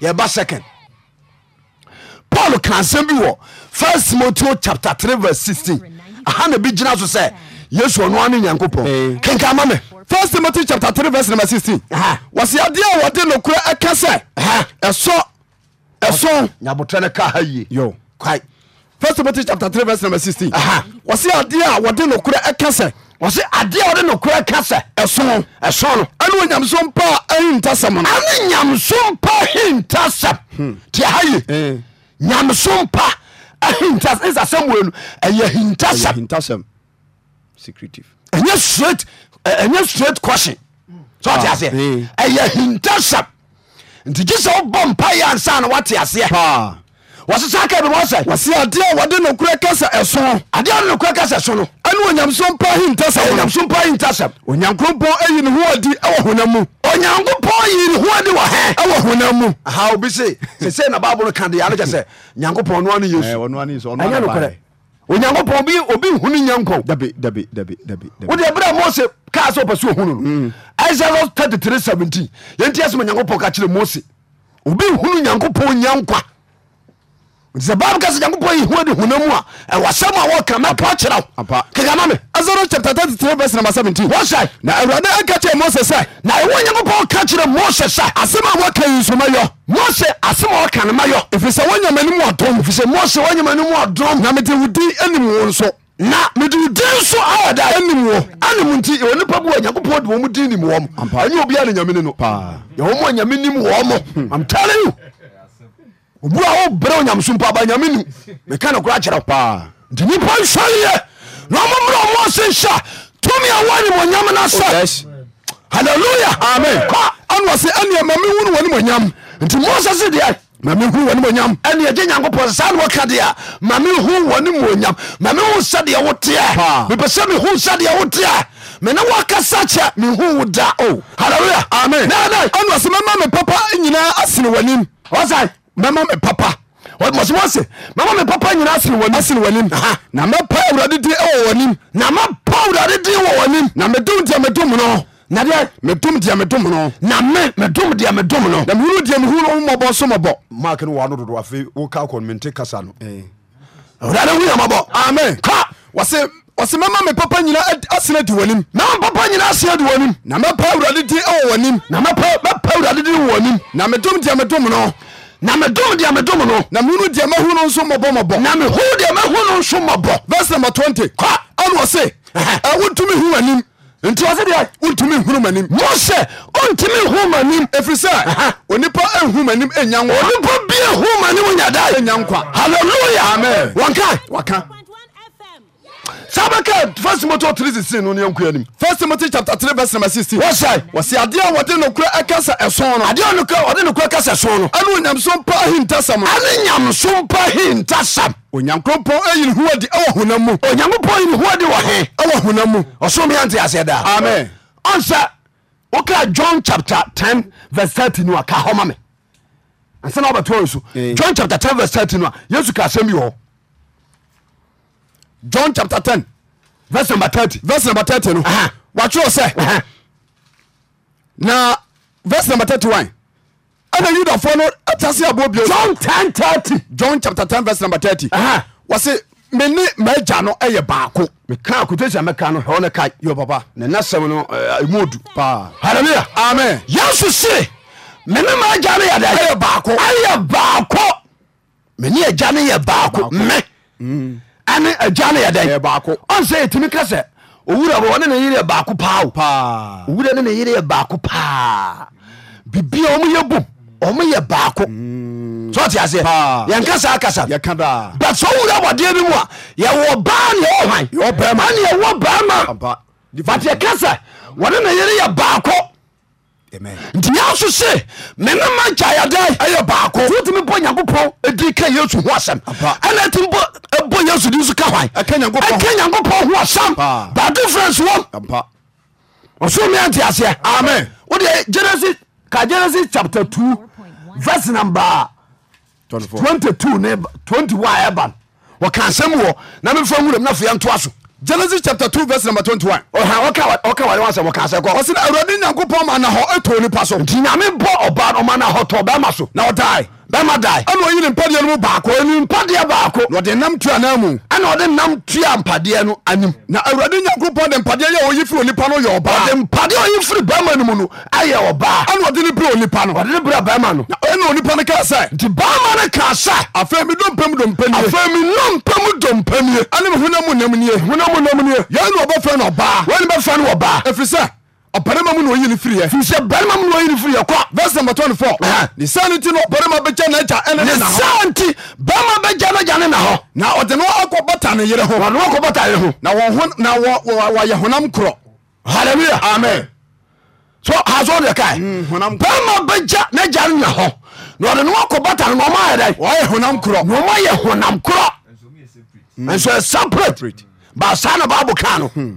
yɛas paul kra nsɛm bi w 1 timoo chap 316 an bigyina so sɛ yesɔnano nyankpɔn enka mam timt 316 ɔsadeɛa wɔde nokora ka sɛɛs first timothy chapter three verse number sixteen wɔsi adeɛ a wɔde nokura ɛka sɛ wɔsi adeɛ a wɔde nokura ɛka sɛ ɛsɔn ɛsɔn no ɛna onyamso mpa ahintasɛm no ɛna nyamso mpa ahintasɛm te A yi nyamso mpa ahintasɛm ɛsɛ asɛm wɔ enu ɛyɛ ahintasɛm ahintasɛm secretive ɛnyɛ straight ɛnyɛ e, straight question so ɔte ah, aseɛ ɛyɛ eh. ahintasɛm nti gye sɛ wobɔ mpa yɛ ansa na wɔte aseɛ paa wɔsesa ka bima sɛ wɔse adeɛ a wɔde nokorɛ kasa ɛso Adi ɔde nokorɛ kasa ɛso no ɛne onyamesom pa hintasɛm onyamesom pa hintasɛm onyankopɔn ayi ne ho adi ɛwɔ honam mu onyankopɔn yi ne ho adi wɔ hɛ ɛwɔ honam mu aha obi se sesei na bible ka de yare kyɛ sɛ eh, nyankopɔn no ane yesu ɛnyɛ nokorɛ onyankopɔn bi obi hunu nya nkɔ wode berɛ mose kaa sɛ ɔpɛ sɛ ohunu no mm. isaiah 33 17 yɛnti ɛsɛ ma nyankopɔn ka kyerɛ mose obi hunu nyankopɔn nya nkwa ntisɛ bible ka nyankopɔn yihua de honam a ɛwɔ asɛm a wɔka mɛpa kyerɛ wo kekama me exodus chapter 33 verse number 17 wɔhyɛ na awurade aka kyerɛ mose sɛ na ɛwɔ nyankopɔn ka kyerɛ mose sɛ asɛm a wɔka yi nso mose asɛm a wɔka no mayɔ ɛfiri sɛ wɔnyama no mu adom ɛfiri sɛ mose wɔnyama no mu adom na mede wo din anim wo nso na mede wo din nso awɔda anim wɔ anim nti ɛwɔ nipa bi wɔ nyankopɔn de wɔ mu din nim wɔ m ɛnyɛ obiaa ne nyame ne no yɛwɔ mu nyame nim wɔ m hmm. am telling you obura bere onyamso mpo aba nyame nu meka no kora kyerɛ paa nti nipa nsɔyeɛ na ɔmommerɛ ɔmo se nhyɛ tumi a wɔnemɔnyam no sɛ halleluya amen ɛnoa sɛ ɛneɛ ma mehu no wɔne mɔnyam nti mose se deɛ ma mehu wɔne mɔnyam ɛne ɛgye nyankopɔn saa ne wɔka deɛ ma mehu wɔne mɔnyam ma mehu sɛdeɛ woteɛ mepɛ sɛ mehu sɛdeɛ woteɛ mene wakasa kyɛ mehu wo da o oh. halleluya amen ɛnoa sɛ mɛma me papa nyinaa asene w'anim ɔsae mɛma me papa mɔsomɔse mɛma me papa nyina asene w'anim na mɛpa awurade din ɛwɔ w'anim na mɛpa awurade din wɔ w'anim na medom deɛ medom no nadeɛ medom deɛ medom no na me medom deɛ medom no na mehunu deɛ mehunu mmɔbɔ so mɔbɔ mak no wɔa no dodo afei woka kɔ no mente kasa no eh. awurade hu yamɔbɔ amen ka wɔse ɔsɛ mɛma me papa nyina asena adi w'anim mɛma papa nyina asena adi w'anim na mɛpa awurade din ɛwɔ w'anim na mɛpa awurade din wɔ w'anim na medom deɛ medom no na medom deɛ medom no na menu dea mahunoso mbɔbɔ na meh deɛ muno so mɔbɔ vers num 20 anɔse wontumi hum anim nti wse deɛ wontumi hurumanim mosɛ ɔntumi hom anim ɛfiri sɛ onipa hum nim yanpa bia hom anim nyada nya nka haleluam ka ka saa bɛka first timoteo 3 16 no neɛnkua nim first timoteo chapter 3 verse number 16 wɔsae wɔse adeɛ a wɔde nokora ɛka sɛ ɛso no adeɛ a nokora wɔde nokora ka sɛ ɛso no ɛne onyamsom pa ahintasɛm ɛne nyamsom pa ahintasɛm onyankopɔn ayin hoɔde ɛwɔ honam mu onyankopɔn ayin hoɔde wɔ he ɛwɔ honam mu ɔsom yɛnte aseɛ daa amen ɔnsɛ wokra john chapter 10 verse 30 no a ka hɔ ma me ansa na wobɛtoɔ so eh. john chapter 10 verse 30 no a yesu john chapter ten verse number thirty verse number thirty no wɔatwerɛ sɛ na verse number thirty one ɛna yudafoɔ no atase aboɔ bio john ten thirty john chapter ten verse number thirty wɔse me ne m'agya no ɛyɛ baako meka kotosia mɛka no hɛw no kae yɛ papa ne nasɛm no ɛmu odu paa halleluya amen yesu se me ne m'agya no yɛdɛ ɛyɛ baako ɛyɛ baako me ne agya no yɛ baako me ɛne agya no yɛ dɛn ɔnsɛ yɛtumi ka sɛ owura bɔ ɔne ne yere yɛ baako paa o owura ne ne yere yɛ baako paa bibia ɔmo yɛ bom ɔmo yɛ baako mm. so ɔte aseɛ yɛnka saa kasa but sɛ owura bɔdeɛ bi mu a yɛwɔ baa ne ɛwɔ hwan ane yɛwɔ baa ma but yɛka sɛ wɔne ne yere yɛ baako nti yɛso se mene ma nkyayɛda ɛyɛ baako wotumi bɔ nyankopɔn di ka yesu ho asɛm ɛna timi bɔ yesu di so ka hwan ɛka nyankopɔn ho asɛm ba difference wom ɔsoromeante aseɛ amen wode genesis ka genesis chapter 2 verse number 22 ne 21 ɛba no wɔka asɛm wɔ na mefa wuram na foyɛ ntoa so genesis chapter two verse number twenty one. ọ̀hà ọ̀ka wàlẹ́ wọn sẹ́ wọ́n kàá sẹ́ kọ́. ọ̀sìn awurade nyankopɔn ma na hɔ ɛtɔ onipa so. nti nyame bɔ ɔbaa ọmọ náà hɔ tọ̀ bẹ́ẹ̀ ma so. na ɔdaa yi bɛma da ɛna ɔyine mpadeɛ no mu baako ɛnu mpadeɛ baako na ɔde nam tua na mu ɛna ɔde nam tua mpadeɛ no anim na awurade nyankopɔn de mpadeɛ yɛ ɔyi firi onipa no yɛ ɔbaa ɔde mpadeɛ ɔyi firi bɛrima no mu no ayɛ ɔbaa ɛna ɔde ne brɛ onipa no ɔde ne brɛ bɛrima no na ɛna onipa no kaa sɛ nti bɛrima no kaa sɛ afei mi dompam dompanie afei mi nompam dompanie ɛne mi honam nam nie honam nam nie yɛn na ɔbɛfrɛ no ɔbaa wɔn ni bɛfrɛ no ɔbaa ɛfiri ɔbarima mu na oyi ne firiɛ firi sɛ barima mu na oyi ne firiɛ kɔ verse number 24 ne sa no nti no ɔbarima bɛgya n'agya ɛne ne na hɔ ne nti barima bɛgya n'agya ne na hɔ na ɔde no akɔ bɔta ne yere ho ɔde no akɔ bɔta yere ho na wɔn ho na wɔyɛ honam korɔ hallelujah amen so haso de kae barima bɛgya n'agya ne na hɔ na ɔde no akɔ bɔta no na ɔma ayɛ dɛ wɔyɛ honam korɔ na ɔma yɛ honam korɔ nso yɛ separate ba saa na baabu kaa no. Hmm.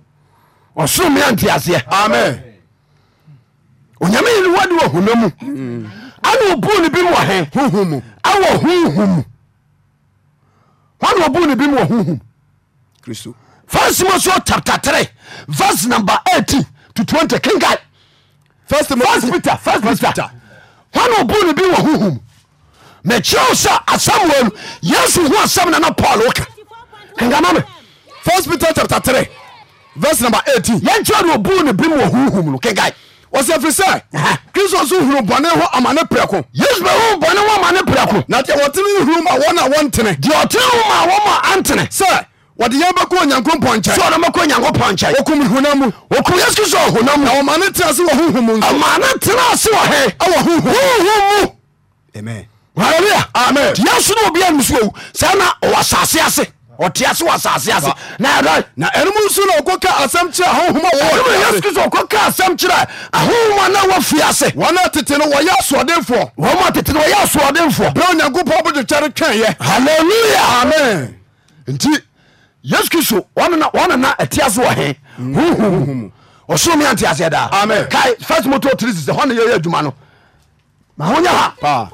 yamde whunm anbune bmnbn first timoso chape 3 verse nmbe 8 to20 knga ane bunebwa hhum mechi se asam w yesu ho asam nna palke kengam pete3 verse number eighteen. yẹn tí a lè bu ni bí mu òhunhun mu kíkà wọ́sẹ̀ fi sẹ́ kristu sún huru bọ̀nẹ́ hó ọ̀ma ne pẹ̀kù. yéésù bẹ̀ huru bọ̀nẹ́ hó ọ̀ma ne pẹ̀kù. na tí wọ́n ti ní huru ma wọ́n na wọ́n tẹ̀nẹ̀. di ọ̀tí huru ma wọ́n ma an tẹ̀nẹ̀. sẹ́ wọ́n ti yẹn bẹ́ kó nyankó pọ̀nkyẹ́. sọ̀rọ̀ bẹ́ kó nyankó pọ̀nkyẹ́. okun mi hunna mu. okun yéésù kristu hunna mu. na ọ̀ma ne tẹ̀nà sí wọ̀ huhu mu. ọ̀ma ne tẹ̀nà sí wọ̀ hẹ́. ẹwọ huhu. huhu mu. amen. hallelujah. amen. yẹn sunu obi ẹnu sunu owu sẹ́ni na ọwọ́ asase ase. tase wsassɛna askra krɛfsɛsdyankpareɛaa nti yesuriso nana atse smantsedafismototdwumaya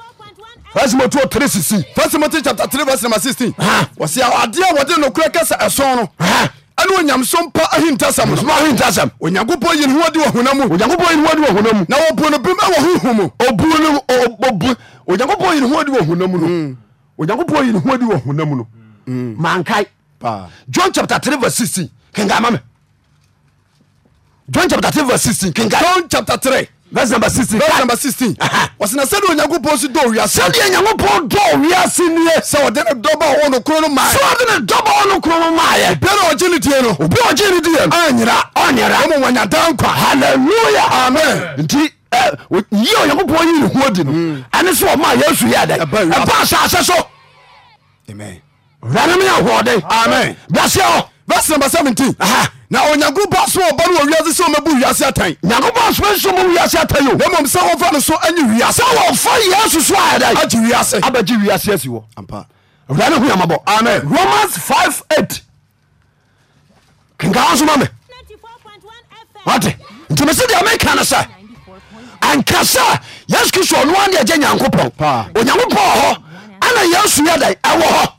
timoteo 3 sisi first timothy chapter verse number 16 wɔsi adeɛ a wɔde nokura kasa ɛsɔn no ɛne onyamesom pa ahintasɛm no ahintasɛm onyankopɔn yine ho ade wɔ mu onyankopɔn yine ho ade wɔ mu na wɔbu no ɛwɔ honhom mu ɔbu no ɔbu onyankopɔn yine ho ade wɔ no onyankopɔn yine ho ade wɔ honam no mankae john chapter 3 verse 16 kenka ma john chapter 3 verse 16 kenka john chapter 3 verse number sixteen. verse number sixteen. wɔsɛnɛ sɛdeɛ onyankopɔn si dɔ owiase. sɛdeɛ onyankopɔn dɔ owiase nie. sɛ ɔde ne dɔbɔ ɔwɔ no kuro no maa yɛ. sɛ ɔde ne dɔbɔ ɔwɔ no kuro no maa yɛ. obi a ɔgye ne die no. obi a ɔgye ne die no. ɔnyira ɔnyira. ɔmu wɔnya dan kwa. hallelujah amen. nti yi onyankopɔn yi ne ho di no. Hmm. ɛne sɛ ɔmaa yesu yɛ dɛ. ɛba asase so. amen. wura ne mi ahoɔden. amen. bilasɛ Verse number seventeen. na onyankopɔn so ɔba no wɔ wiase sɛ ɔmabu wiase atan nyankopɔn so nso mo wiase atan o na mmom sɛ wɔmfa no so anyi wiase sɛ wɔmfa yesu so ayɛdɛ agye wiase abɛgye wiase asi wɔ ampa awura ne ho yamabɔ amen romans 5 8 kenkaa so ma me wate nti me se deɛ meka no sɛ anka sɛ yesu kristo ɔnoa ne agye nyankopɔn onyankopɔn hɔ ana yesu yɛdɛn ɛwɔ hɔ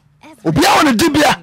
obiaa wɔ ne Dibia.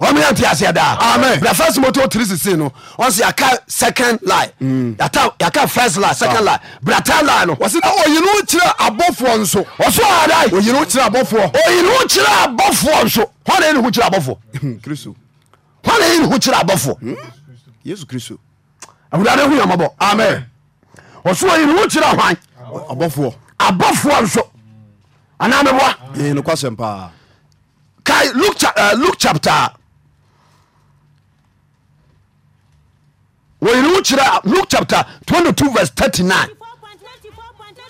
wọ́n ti ase da. amen na first moto three sixteen no wọ́n sọ yaka second line. yata mm. yaka first line second ah. line brata line no. wọ́n sọ na oyinu kyerɛ abɔfoɔ nso. wọ́n sọ ada yi. oyinu kyerɛ abɔfoɔ. oyinu kyerɛ abɔfoɔ nso. wọ́n na yẹ ni hu kyerɛ abɔfoɔ. kristu. wọ́n na yẹ ni hu kyerɛ abɔfoɔ. yesu kristu. awurade hu yamabɔ. amen wọ́n sọ oyinu kyerɛ hwan. abɔfoɔ. abɔfoɔ nso. anamibwa. ee nukwasɛn paa. kai luke, uh, luke chapter. wɔyere wo kyerɛ luke chapter twenty two verse thirty nine.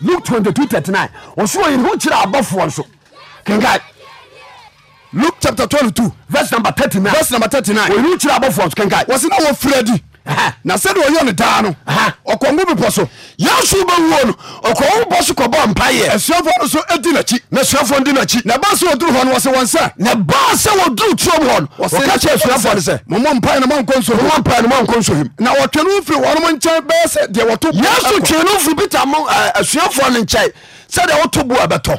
luke twenty two 22 39 ɔso wɔyere wo kyerɛ abɔfoɔ nso kenka luke chapter twenty two verse number thirty nine. Verse number thirty 39 wɔyere wo kyerɛ abɔfoɔ nso kenka wɔsi na wɔfiri adi na sɛde ɔyɛ no daa no ɔkɔngo bepɔ so yaso bɛwuo no ɔkɔngo bepɔ so kɔbɔ mpayɛ asuafoɔ no so ɛdi nakyi na suafoɔ di nakyi na ɛbaa sɛ wɔduru hɔ no wɔsɛ wɔn sɛ na ɛbaa sɛ wɔduru turom hɔ no wɔka kyɛ asuafoɔ no sɛ momɔ mpae no mankɔ nso momɔ mpae no mankɔ nso him na wɔtwe no mfiri wɔnom nkyɛn bɛyɛ sɛ deɛ wɔto yaso twee no mfiri peter mo asuafoɔ no nkyɛn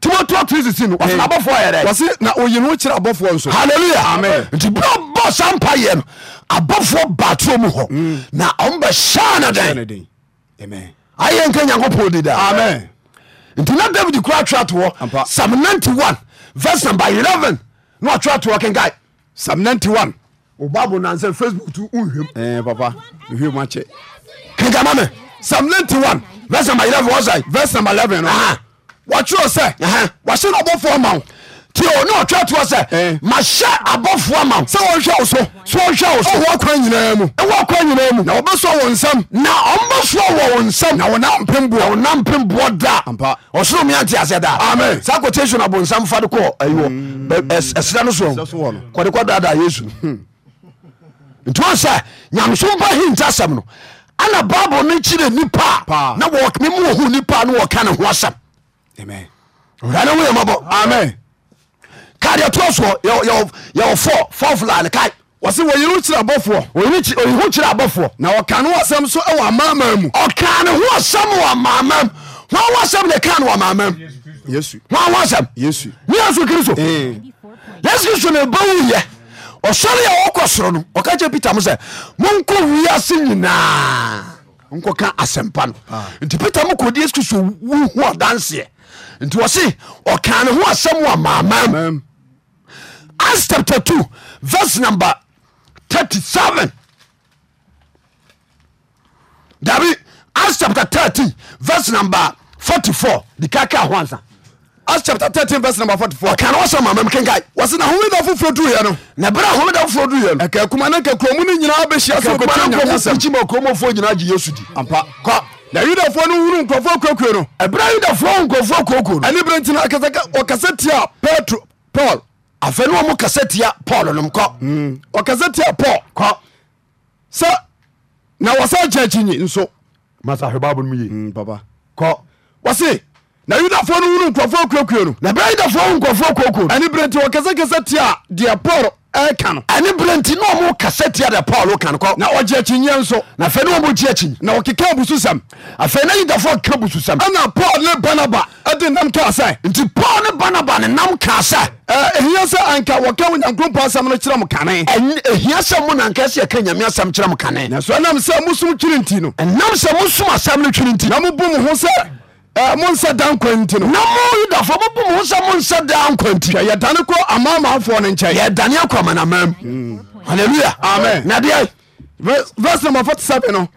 timothy three sixteen wọ́n sọ abọ́fọ́ yẹ dẹ. na oyin wo kyerɛ abọ́fọ́ nso. hallelujah amen. nti bí wọ́n bọ̀ sampa yẹ no abọ́fọ́ baaturo mu mm. hɔ na ɔn bɛ sáànà dɛ ayé nkẹ́ nyankó pọ̀ di dɛ. amen. nti na david kura atwa to hɔ psalm ninety one verse number eleven na atwa to hɔ kankan psalm ninety one o baabu nansan facebook tu n hwem. ɛɛ papa n hwem akyɛ. kankan mami psalm ninety one verse number eleven wọ́n sọ yìí. verse number eleven. Uh -huh wɔtwerɛ sɛ wɔhyɛ no ɔbɔfoɔ ma wo nti ɔne ɔtwerɛ toɔ sɛ mahyɛ abɔfoɔ ma sɛ wɔnhwɛ wo so sɛ wɔnhwɛ wo so wɔkwa nyinaa mu ɛwɔ kwa nyinaa mu na wɔbɛsoa wɔ nsam na ɔmbɛsoa wɔ wo nsam na wɔna mpemboɔ wɔna mpemboɔ da ɔsoro me ante aseɛ daa amen saa quotation abonsam fa de kɔ ayiwɔ ɛsra no soɔ kɔde kɔ daadaa yesu nti wɔ sɛ nyamesom pa hinta asɛm no ana bible no kyerɛ nipa a na wɔmemu wɔ ho nipa a na wɔka ne ho asɛm wurade wo yɛmɔbɔ amen kade ɛtoa soɔ yɛwɔfɔ fɔflane kae wɔse wɔyere kyerɛ abɔfoɔ ɔyere ho kyerɛ abɔfoɔ na ɔka ne ho asɛm so wɔ amama mu ɔka ne ho asɛm wɔ amamam ho ho asɛm ne ka ne wɔ amamam yesu ho ho asɛm yesu ne yesu kristo yesu kristo ne bɛwu yɛ ɔsɔre a wɔkɔ soro no ɔka kyerɛ peter mo sɛ monkɔ wiase nyinaa nkɔka asɛmpa no ah. nti peter mokɔde yesu kristo wuhu ɔdanseɛ nti wɔse ɔka ne ho asɛm wa maamam as chapte 2 verse number 37 dabi as chapte 13 verse number 44 de kaka ho ansa chapter thirteen verse number forty four. Ọ̀kan sọ Wọ́n na du yẹn no. Na du yẹn no. Ẹ̀ka náà ni nyinaa bẹ̀ Ẹ̀ka náà di. Ampa kọ́ na yudafoɔ no wuru nkurɔfoɔ kuakuo no ɛberɛ yudafoɔ nkurɔfoɔ kuakuo no ɛne berɛ nti no ɔkasa tia petro paul afɛ ne ɔmo kasa tia paul nom kɔ hmm. ɔkasa tia paul kɔ sɛ na wɔsa akyakyi nyi nso masahwɛ bible mu ye hmm, kɔ wɔse na yudafoɔ no wunu nkurɔfoɔ kuakuo no na bɛɛ yudafoɔ wo nkurɔfoɔ kuakuo ɛne berɛ nti wɔkɛsɛkɛsɛ te a deɛ paul ɛka no ɛne berɛ nti na ɔmo kasa tia deɛ paul ka no kɔ na ɔgye akyinyɛ nso na afei ne ɔmo gye akyi na wɔkeka abususɛm afei na yudafoɔ ka abususɛm ɛna paul ne barnaba ɛde nam kaa sɛ nti paul ne barnaba ne nam kaa sɛ ɛhia sɛ anka wɔka onyankopɔn asɛm no kyerɛ mo kane ɛhia sɛ mo nanka sɛ yɛka nyame asɛm kyerɛ mo kane na so ɛnam sɛ mosom twiri nti no ɛnam sɛ mosom asɛm no twiri nti na mobu mo ho sɛ monsa da nkwanti no na mo yudafoɔ mobo mo ho sɛ monsa da nkwanti hwɛ yɛdane kɔ amamaafoɔ no nkyɛn yɛdane akɔ amanamam halleluya amen na deɛ verse number forty seven no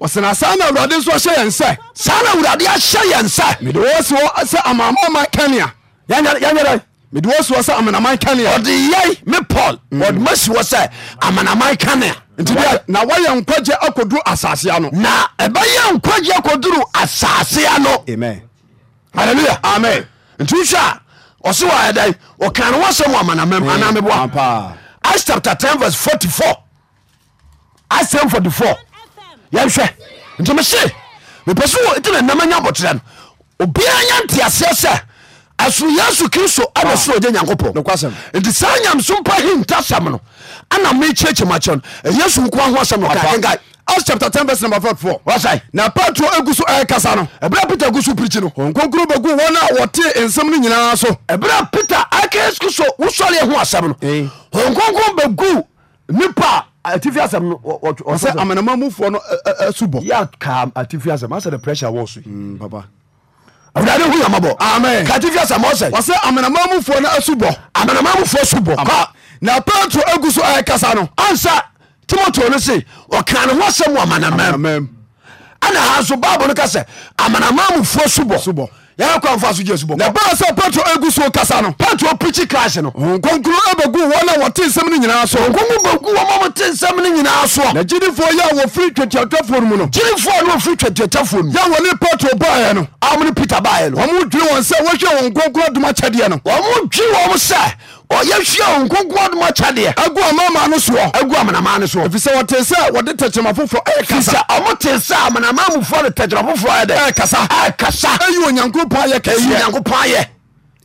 wɔsena saa na awurade nso ahyɛ yɛn sɛ saa na awurade ahyɛ yɛn sɛ mede wɔ si hɔ sɛ amaamama kanea yɛnyɛdɛ mede wɔ si hɔ sɛ amanaman kanea ɔde yɛi me paul ɔde masi wɔ sɛ amanaman kanea nti na wɔyɛ nkwagye akɔduru asase ano na ɛbɛyɛ nkwagye akoduru asase ano amen hallelujah amen nti wohwɛ a ɔse wɔ ɛdɛn ɔka no wɔsɛm amanamɛboa acts chapter ten verse forty four. acts ten forty four. nti mehye mepɛ sɛ wɔ ɛti na nnam anya bɔterɛ no obiara nya nteaseɛ sɛ ɛsoro yesu kristo ana ah. soro ogye nyankopɔn nti saa nyameso mpa hinta sɛm no ana mekyerɛkyɛmakyɛ no yesu nkoa ho asɛm no ɔkakenkae Acts chapter ten verse number four four. Wasai. Na Petro egu so ɛyɛ kasa no. Ebira Peter egu so pirikyi no. Nkonkuru bɛ gu wɔn a wɔte nsɛm no nyinaa so. Ebira Peter akeesi so wusɔre ɛho asɛm no. Nkonkuru bɛ gu nipa atifi asɛm no. Ɔsɛ amanamanmufoɔ no ɛsubɔ. Yà atifi asɛm asɛ de pressure wɔ so. Mm, papa. awurade hu yamabɔ amen katifi asam ɔsɛ amanamamufoɔ no asubɔ amanamamufoɔ subɔ na petro agu so ayɛ no ansa timoteo no se ɔka ne ho asɛm wɔ amanamam ana ha so bible no ka sɛ amanamamufoɔ subɔ yɛkɔ mfa so yesu bɔ na ɛbaa sɛ petro agu so kasa no petro prikyi krashe no nkonkuro abɛgu wɔn a wɔte nsɛm no nyinaa so nkonko bɛgu wɔn a wɔte nsɛm no nyinaa so na gyidifoɔ yɛ a wɔfiri twatiatwafoɔ no mu no gyidifoɔ ne wɔfiri twatiatwafoɔ no yɛ wɔne petro baeɛ no amne peter baeɛ no ɔmo dwene wɔn sɛ wɔhwɛ wɔn nkonkuro adoma kyɛdeɛ no ɔmo dwene wɔn sɛ ɔyɛ hwia onkonkoɔ nom akyɛdeɛ agu amama no soɔ agu amanama no soɔ ɛfiri sɛ wɔte sɛ wɔde tɛkyerɛma foforɔ ɛyɛ kasa sɛ ɔmote sɛ amanama mufoɔ de tɛkyerɛ foforɔ ɛyɛ dɛ ɛyɛ kasa ɛyɛ kasa ɛyi onyankopɔn ayɛ kɛseɛ onyankopɔn ayɛ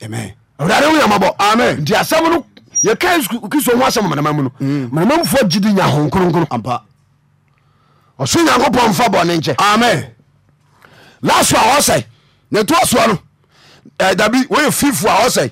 amen awurade wo yamabɔ amen nti asɛm no yɛka kristo ho asɛm manama mu no mm. manama mufoɔ gyidi nya ho nkronkron ampa ɔso nyankopɔn mfa bɔne nkyɛ amen laso a ɔsɛe ne ɛtoa soa no dabi woyɛ fifo a ɔsɛe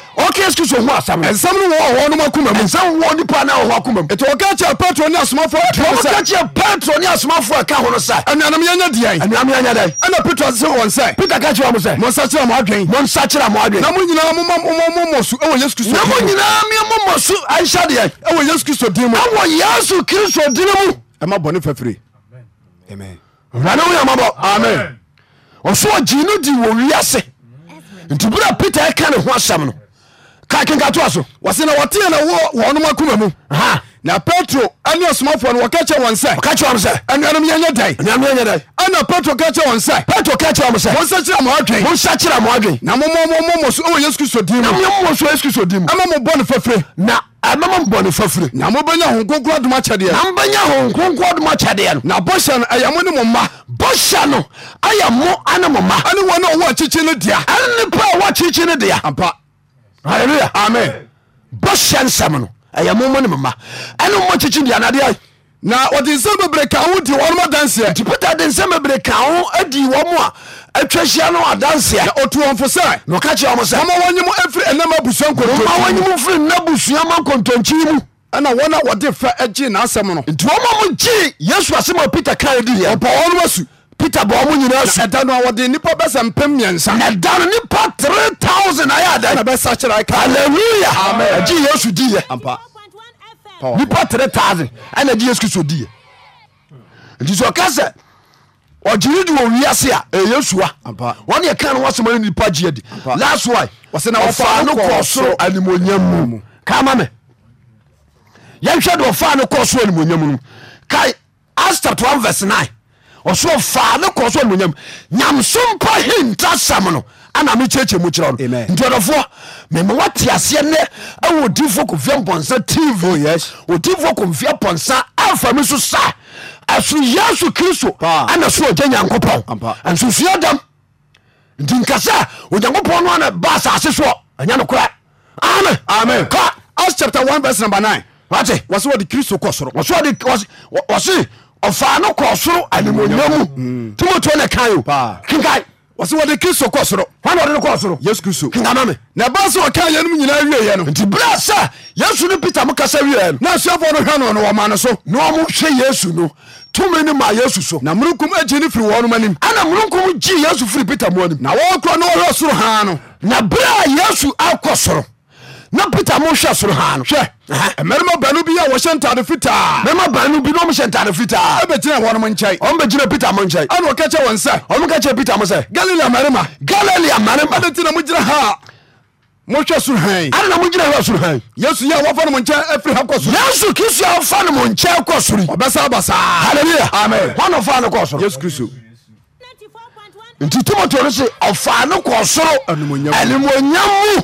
ɔka yesu kristo ho asɛm ɛnsɛm no wɔ ɔwɔ nom akoma mu ɛnsɛm wɔ nipa na ɔwɔ akoma mu ɛti ɔka kyerɛ petro ne asomafoɔ ɔka kyerɛ petro ne asomafoɔ ɛka ho no sɛ anuanom yɛnya diɛn anuanom yɛnya dɛn ɛna petro sɛ wɔn sɛ peter ka kyerɛ mo sɛ monsa kyerɛ mo adwen monsa kyerɛ mo adwen na mo nyinaa mommɔ so ɛwɔ yesu kristo na mo nyinaa mommɔ so ahyɛ deɛ ɛwɔ yesu kristo din mu ɛwɔ yesu kristo din mu ɛma bɔne fɛfire amen ɔwurade woyɛ mabɔ amen ɔso ɔgyii no di wɔ wiase nti berɛ peter ɛka ne ho asɛm no kakenkatoa so wɔse na wɔteɛ na wɔ wɔnom akoma mu na petro ɛne asomafoɔ no wɔka kyɛ wɔn sɛ ɔka kyerɛ wɔn sɛ anuanom yɛnyɛ dɛn anuanom ɛna petro ka kyerɛ wɔn sɛ petro ka kyerɛ wɔn sɛ monsa kyerɛ mo adwen kyerɛ mo na momɔmɔmɔ so ɛwɔ oh, yesu kristo din mu na momɔmɔ so yesu kristo din mu ɛma mo bɔ ne fafire na ɛmɛma mbɔ ne fafire na mobɛnya ho nkonkoro adom akyɛdeɛ na mbɛnya ho nkonkoro adom akyɛdeɛ no na bɔhyɛ no ɛyɛ mo ne mo mma bɔhyɛ no ayɛ mo ane mo mma ɛne wɔn a ɔwɔ akyikyi no dea ɛne nipa a ɔwɔ akyikyi no dea ampa hallelujah amen bɔhyɛ nsɛm no ɛyɛ momo ne mema ɛne mmɔ kyikyi deanadeɛ na ɔde nsɛm bebree ka ho di wɔnom adanseɛ nti peter de nsɛm bebree ka ho adi wɔm a atwa hyia no adanseɛ na ɔtu wɔn fo sɛ na ɔka kyerɛ wɔn sɛ ɔma wɔnye mu afiri ɛnam abusua nkontonkyi ɔma wɔnye mu firi nna busua ma nkontonkyi mu ɛna wɔn a wɔde fɛ agye n'asɛm no nti wɔn a wɔgye yesu asɛm a peter kaa di yɛ ɔbɔ wɔn asu peter bɔ ɔmo nyinaa su. ɛda no a nipa bɛsɛ mpem mmiɛnsa. ɛda no nipa three thousand ayɛ ada. na bɛsa kyerɛ ɛka. hallelujah amen. ɛgye yesu di yɛ. ampa power. nipa three thousand ɛna ɛgye yesu kristo di yɛ. nti sɛ ɔka sɛ ɔgyiri di wɔ wiase a ɛyɛ sua. ampa wɔn yɛ kan no wɔn asɛm nipa gye di. ampa last why. wɔsɛ na ɔfa no kɔ soro animonyam mu. kama mɛ yɛn hwɛ de ɔfa no kɔ soro animonyam mu kai Acts chapter one verse nine. ɔsoro faa ne kɔ so anuonyam nyamso mpa hinta sɛm no ana mekyerɛkyɛ mu kyerɛ no ntiɔdɔfoɔ mema wate aseɛ nɛ ɛwɔ odifoɔ kofia mpɔnsa tv odifoɔ oh, kofia pɔnsa afa me so sa ɛsoro yesu kristo ana soro ogya nyankopɔn ɛnsusua dam nti nka sɛ onyankopɔn no ana ba asase soɔ ɛnya Ame. amen ka chapter 1 verse number 9 wate wɔde kristo kɔ soro wɔse ɔfaa no kɔ soro animonyam mu timotuo ne kayo. o kenkan wɔsɛ wɔde kristo kɔ soro hwan na ɔde no kɔ soro yesu kristo kenkama me na ɛba sɛ ɔka yɛnom nyinaa wieɛ no nti berɛ sɛ yesu no peter mo kasa wieɛ no na asuafoɔ no hwɛ no no wɔma no so na ɔmohwɛ yesu no tumi no ma yesu so na mmerunkum agyi no firi wɔnom anim ana mmerunkum gyi yesu firi peter mu anim na wɔkora na wɔhwɛ soro haa no na berɛ a yesu akɔ soro na peter mohwɛ soro ha no hwɛ mmarima baanu bi a wɔhyɛ ntade fitaa mmarima baanu bi na ɔmhyɛ ntade fitaa ɛbɛgyina wɔnom nkyɛn ɔmbɛgyina peter mo nkyɛn ɛna ɔka kyɛ wɔn sɛ ɔmka kyɛ peter mo sɛ galilea mmarima galilea mmarima ɛde nti na mogyina ha mohwɛ soro han ɛde na mogyina hwɛ soro han yesu yɛ wɔfa no mo nkyɛn afiri ha kɔ soro yesu kristo a ɔfa no mo nkyɛn kɔ soro ɔbɛsa aba saa halleluya amen wɔn ɔfa no kɔ soro yesu kristo nti timoteo no se ɔfa no kɔ soro animonyam mu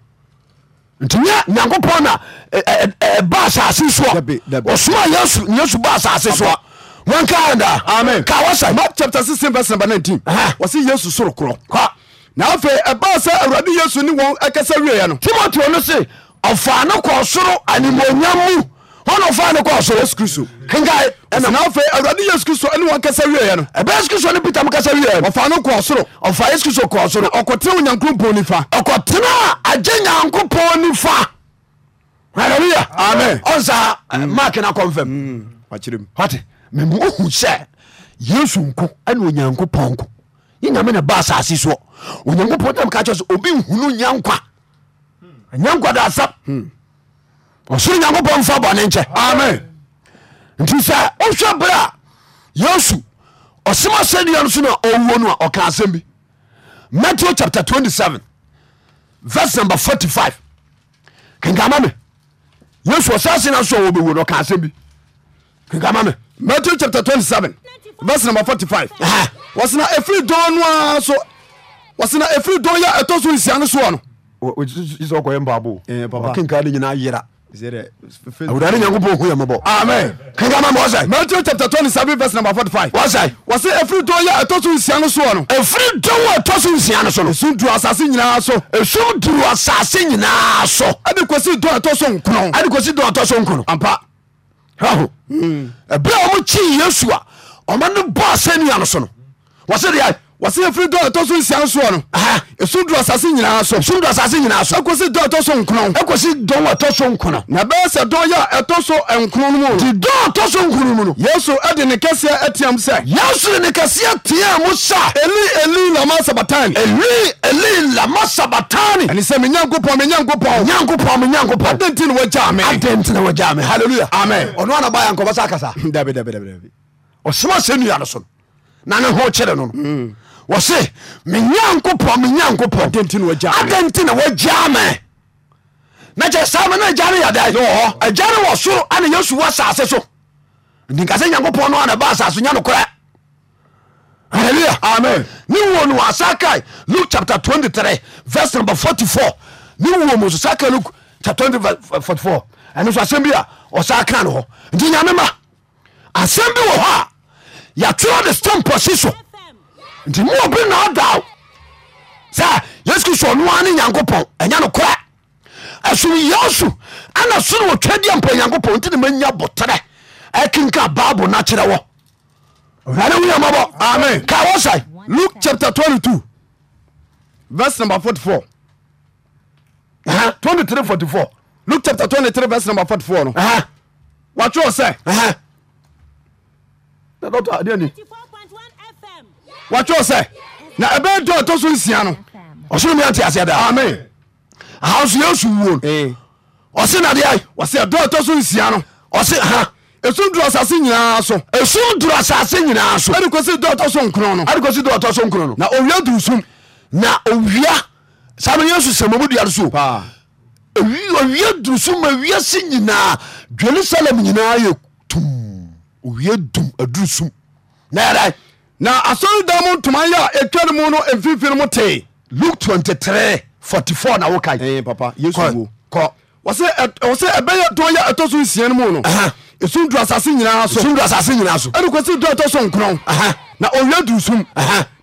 ntiya nyankopɔn na ba asase soɔ ɔsoma yesu yesu ba asase soɔ wankaada amen ka wɔsɛ mark chapter 16 verse number 19 wɔse yesu soro korɔ na afei ɛbaa sɛ awurade yesu ne wɔn ɛkɛsɛ wieɛ no timoteo no se ɔfaa no kɔɔ soro animonyam mu ɔna ɔfa ne kɔ ɔsoro yesu kristo kenkae na afei awurade yesu kristo ɛne wɔn kasa wieɛ no ɛbɛ yesu kristo ne peter mu kasa wieɛ ɔfa no kɔ ɔsoro ɔfa yesu kristo kɔ ɔsoro ɔkɔtena onyankopɔn nifa ɔkɔtena a agye nyankopɔn nifa hallelujah amen ɔnsa mm. mark na kɔ nfam wakyerɛ mu wate memu ohu sɛ yesu nko ɛne onyankopɔn nko yɛ nyame ne ba asase soɔ onyankopɔn tam ka kyerɛ sɛ obi nhunu nyankwa hmm. nyankwa da asam hmm ɔsoro nyankopɔn mfa bɔne nkyɛ amen nti sɛ wohwɛ berɛ a yesu ɔsɛm asɛnnua no so na ɔwuo no a ɔka asɛm bi matthew chapter 27 verse number 45 kenkama me yesu ɔsase na so a wɔbɛwuo no ɔka asɛm bi kenkama me matthew chapter 27 verse number 45 wɔsena ɛfiri dɔn no a so wɔsena ɛfiri dɔn yɛ ɛtɔ so nsia no soɔ no jesus ɔkɔyɛ mpaabo ne nyinaa yera awurade nyankopɔn hu yɛmɔbɔ amen kenkama ma ɔsɛ matthew chapter 27 verse number 45 wɔsɛ wɔse ɛfiri dɔ yɛ ɛtɔ so nsia no soɔ no ɛfiri dɔ wɔ ɛtɔ so nsia no so no ɛsum duru asase nyinaa so ɛsum duru asase nyinaa so ɛde kɔsi dɔ ɛtɔ so nkono ɛde kɔsi dɔ ɛtɔ so nkono ampa hɛho hmm. ɛberɛ a ɔmo kyii yesu a ɔma no bɔ asɛnnua no so no wɔse deɛ wɔse yɛfiri dɔ ɛtɔ so nsia soɔ no ɛso duru asase nyinaa so so duru asase nyinaa so ɛkɔsi dɔ ɛtɔ so nkono ɛkɔsi dɔn ɛtɔ so nkono na bɛyɛ sɛ dɔn yɛ ɛtɔ so nkono no mu no ti dɔn ɛtɔ so nkono mu no yesu ɛde ne kɛseɛ ɛteam sɛ yesu de ne kɛseɛ teɛ mu eli eli lama sabatani eli eli lama sabatani ɛne sɛ menyankopɔn menyankopɔn nyankopɔn me nyankopɔn adɛn nti na wagyaa me adɛn nti na wagyaa me halleluya amen ɔno ana bayɛ nkɔbɔ sa dabi dabi dabi ɔsoma sɛ nua na ne ho kyerɛ mm wɔse menyankopɔn menyankopɔnadanti na wagyaa me na kyɛ saa ma na agya ne yɛda wɔ hɔ agya ne wɔ soro ana yesu wɔ asase so nti sɛ nyankopɔn no ana ba asase nya nokorɛ hallelujah amen ne wo no asaka luke chapter 23 verse number 44 ne wo mo asaka luke chapter 24 ɛno so asɛm bi a ɔsa ka no hɔ nti nyame ma asɛm bi wɔ hɔ a yɛtwerɛ ne stampɔsi so nti moɔbi na adaw sɛ yesu kristo ɔnoa ne nyankopɔn ɛnyɛ no korɛ ɛsomyɛ so ana so no wɔtwadeɛ mpa nyankopɔn nti ne manya boterɛ ɛkenka bible no kyerɛ wɔ ane wuyamabɔ amen ka wɔ sɛ luke chapter 22 verse number 44 uh-huh. 23 44 luke chapter 23 verse number 44 no uh-huh. wɔatwerɛ sɛ uh-huh wɔtwew sɛ na ɛbɛyɛ dɔ ɛtɔ so nsia no ɔsoro mi ante aseɛ da amen ahosuo yesu wuo no ɔse nadeɛ ɔse ɛdɔ ɛtɔ so nsia no ɔse ha esun duro asase nyinaa so esun duro asase nyinaa so ɛde kɔsi dɔ ɔtɔ so nkono no ɛde kɔsi dɔ ɔtɔ so nkono no na owia duru sum na owia sábà yesu sɛ mɔmu dua so owia duru sum ma owia si nyinaa jerusalem nyinaa yɛ tum owia dum aduru sum na yɛrɛ na asɔredan mu ntoma yi a etwa ne mu no mfimfini mu tee luke twenty three forty four na wokae. ɛɛ eh, papa yesu wo kɔ. wɔsɛ wɔsɛ ɛbɛyɛ dɔn yɛ ɛtɔ so nsia no mu no. esun du asase nyinaa so. esun du asase nyinaa so. ɛni kwesi dɔn ɛtɔ so nkorɔn. na owia du sum.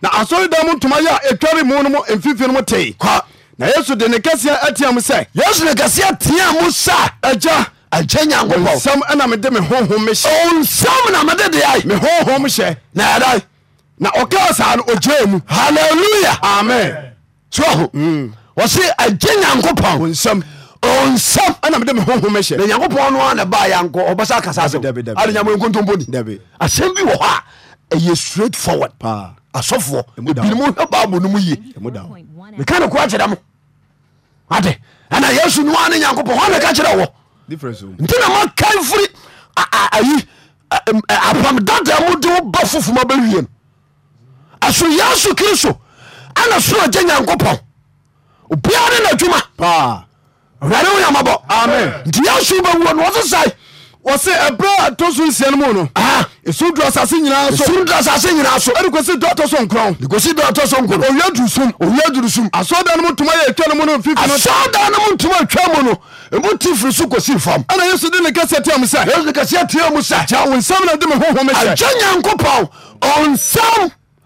na asɔredan mu ntoma yi a etwa ne mu no mu mfimfini mu tee. kɔ na yesu de ne kɛseɛ ɛtea mu sɛ. yesu de kɛseɛ tea mu sa. ɛgya. agye nyankopɔn nsɛm ɛna mede me honhom mehyɛ nsɛm na mede deɛ me honhom hyɛ na ɛdae na ɔkaa saa no ɔgyaa mu halleluya amen soho mm. wɔse agye nyankopɔn nsɛm nsɛm ɛna mede me honhom hyɛ na nyankopɔn no ana ba yɛnkɔ ɔbɛsa kasa sɛ ade nyame nkontomponi asɛm bi wɔ hɔ a ɛyɛ straight forward asɔfoɔ ebinom hwɛ bible no mu yie meka ne koa kyerɛ mo ade ɛna yesu no ane nyankopɔn hɔ ne ka kyerɛ wɔ nti na maka mfiri ayi apam dada mu de wo ba fofoma bɛwie no ɛso yesu kristo ana soro agye nyankopɔn obia ne naadwuma awurade wo yamabɔ nti yesu bɛwuo no wɔse sae wɔse ɛberɛ a ɛtɔ so nsia no mu no ɛsum du asase nyinaa sosum du asase nyinaa so ɛne kɔsi dɔ tɔ so nkron kɔsi dɔ tɔ so nkron owia duru sum owia duru sum asɔda no mu ntoma yɛ atwa no mu no mfifi no asɔda no mu ntoma atwa mu no ɛmu ti firi so kɔsi fam ɛna yesu di ne kɛseɛ tia mu sɛ yesu de kɛseɛ tia mu sɛ kyɛ wo nsɛm na de me honhom hyɛ agya nyankopɔn ɔnsɛm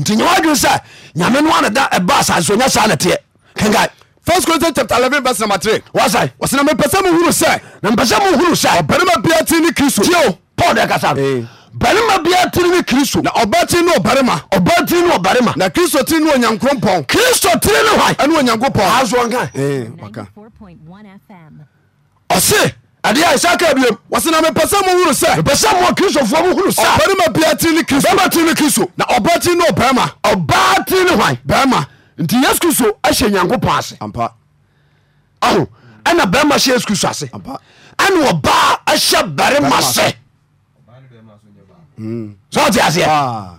nti yɛwa adwene sɛ nyame no ane da ɛba asase so saa ne teɛ kenka first corinthians chapter eleven verse number three. wasa. wasa na mpɛsɛ mu huru sɛ. na mpɛsɛ mu huru sɛ. ɔbɛrima biya ti ni kristu. tiɛ paul de kasa. Ee. bɛrima biya ti ni kristu. na ɔba ti ni ɔbɛrima. ɔba ti ni ɔbɛrima. na kristu ti ni onyankuro pɔn. kristu ti ni hwan. ɛni onyankuro pɔn. a ɛdeɛ ɛhyɛ ka biom wɔsena mepɛ sɛ mohuru sɛ mepɛ sɛ mowɔ kristofoɔ mohuru sɛ ɔbarima bia ti ne kristo bɛma ti ne kristo na ɔba ti ne ɔbarima ɔbaa ti ne hwan bɛrima nti yesu kristo ahyɛ nyankopɔn ase ampa aho ɛna bɛrima hyɛ yesu kristo ase ampa ɛna ɔbaa ahyɛ bɛrima sɛ sɛ ɔte aseɛ ah.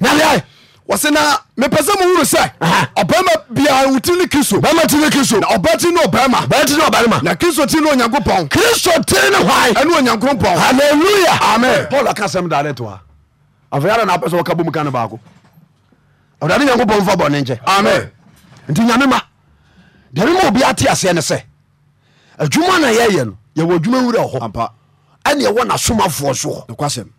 na deɛ wɔse na mepɛ sɛ muhuru sɛ ɔbɛma biaa wotim ne kristo bɛma ti ne kristo na ɔba ti ne ɔbɛma bɛɛ ti ne ɔbɛma na kristo ti ne onyankopɔn kristo ti ne hwae ɛne onyankopɔn halleluya amen paul aka sɛm da ne to ha afei ara na apɛ sɛ wɔka bom ka ne baako ɔdade nyankopɔn fa bɔne nkyɛ amen nti nyame ma deɛ mema obia te aseɛ ne sɛ adwuma na yɛyɛ no yɛwɔ adwuma wura hɔ ɛne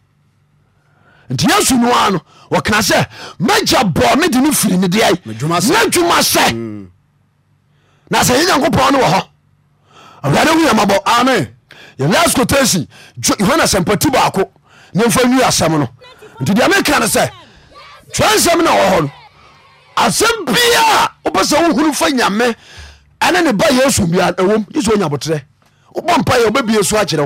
nti yesu noa no wɔkena sɛ mɛgya bɔɔ mede no firi ne deɛ na dwuma sɛ mm. na sɛ yɛ nyankopɔn no wɔ hɔ awurade hu yɛmabɔ amen yɛ last quotation yohana sɛmpati baako ne mfa nwi asɛm no nti deɛ meka no sɛ twerɛnsɛm na wɔ hɔ no asɛm biaa wopɛ sɛ wohunu fa nyame ɛne ne ba yesu bia ɛwom yesu ɔnya boterɛ wobɔ mpa yɛ wobɛbie so akyerɛ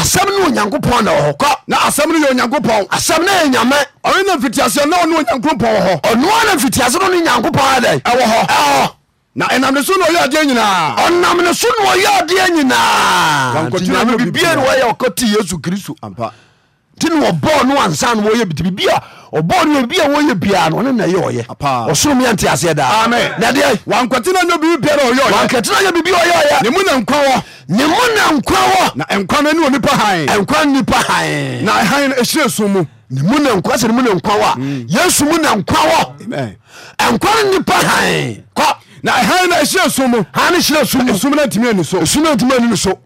asɛm ne onyankopɔn na ɔhɔ kɔ na asɛm no yɛ onyankopɔn asɛm no yɛ nyame ɔne na mfitiaseɛ na ɔne onyankopɔn wɔ hɔ ɔnoa na mfitiase no ne nyankopɔn adɛ ɛwɔ hɔ na ɛnam ne so na ɔyɛ adeɛ nyinaa ɔnam ne so na ɔyɛ adeɛ nyinaa bibia ne wɔyɛ ɔkɔ te yesu kristo ampa ntine wɔbɔɔ no ansa no wɔyɛ bit bibia ɔbɔɔ no bibia wɔyɛ biaa no ɔne na ɛyɛ ɔyɛ ɔsoro meɛ nte aseɛ daa nadeɛ wankɔtena nyɛ biribi biara ɔyɛ wankɔtena nyɛ biribi ɔyɛ ɔyɛ ne mu na nkwa wɔ ne mu na nkwa wɔ na nkwa no ne wɔ nipa han nkwa no nipa han na ɛhan no ɛhyerɛ so mu ne mu na nkwa sɛ ne mu na nkwa wɔ a mm. yesu mu na nkwa wɔ nkwa no nipa han kɔ na ɛhan no ɛhyerɛ so mu han no hyerɛ so mu esum no ntumi ani so esum no ntumi ani so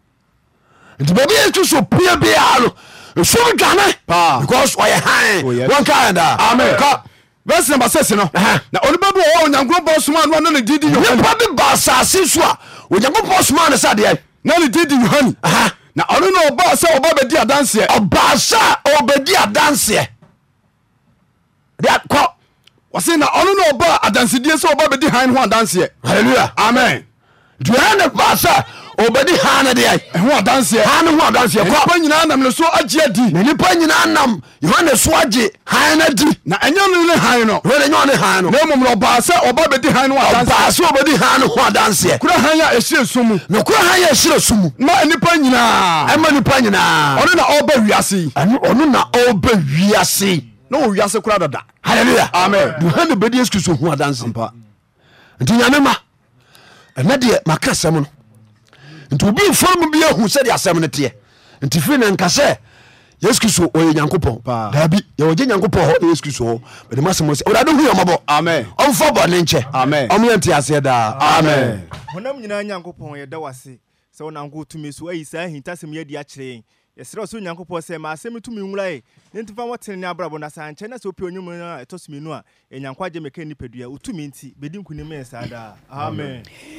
nti baabi yɛ tu so pia biara no ɛsom dwane because ɔyɛ hawankaɛdaa oh, uh, verse number six no na onipa bi wɔ onyankopɔn soma no na ne didi yohane nipa bi ba asase so a onyankopɔn soma ne sadeɛ na ne didi yohane na ɔno na ɔba sɛ ɔba bɛdi adanseɛ ɔba sɛ ɔbɛdi adanseɛ deɛ kɔ wɔse na ɔno na ɔba adansedie sɛ ɔba bɛdi han ho adanseɛ Hallelujah. amen duane ba sɛ obɛdi ha no deɛ ɛho adanseɛ ha no ho adanseɛ kɔ nyinaa nam ne so agye adi na nipa nyinaa nam yohane so agye han no adi na ɛnyɛ no ne han no wɛde nyɛ ne han no na mmom no ɔbaa sɛ ɔba bɛdi han no adanseɛ ɔbaa sɛ ɔbɛdi han no ho adanseɛ kura han a ɛhyire so mu na kura han a ɛhyire so ma nipa nyinaa ɛma nipa nyinaa ɔno na ɔba wiase ɔno na ɔba wiase na wɔ wiase kora dada Hallelujah. amen yohane bɛdi yesu kristo ho adanseɛ nti nyame ma ɛnɛ deɛ maka sɛm no nti obi mfom bi ahu sɛde asɛm no teɛ nti firi ne nka sɛ yesu kristo ɔyɛ nyankopɔn daabi yɛwɔgye nyankopɔn hɔ ne yesu kristo hɔ bɛde masɛm sɛ awurade hu yɛmmɔbɔ Amen. bɔne nkyɛ ɔmyɛnte aseɛ daa amen honam nyinaa nyankopɔn yɛda w ase sɛ wonanko tumi so ayi saa ahintasɛm yɛadi akyerɛ yɛn yɛserɛ so onyankopɔn sɛ ma asɛm tumi nwurae ne ntimfa wɔtene ne abrabɔ no saa nkyɛ na sɛ wopɛ onwum no a ɛtɔ so mmienu a ɛnyankwagye mɛka nnipadua wotumi nti bɛdi nkonim yɛ saa daa amen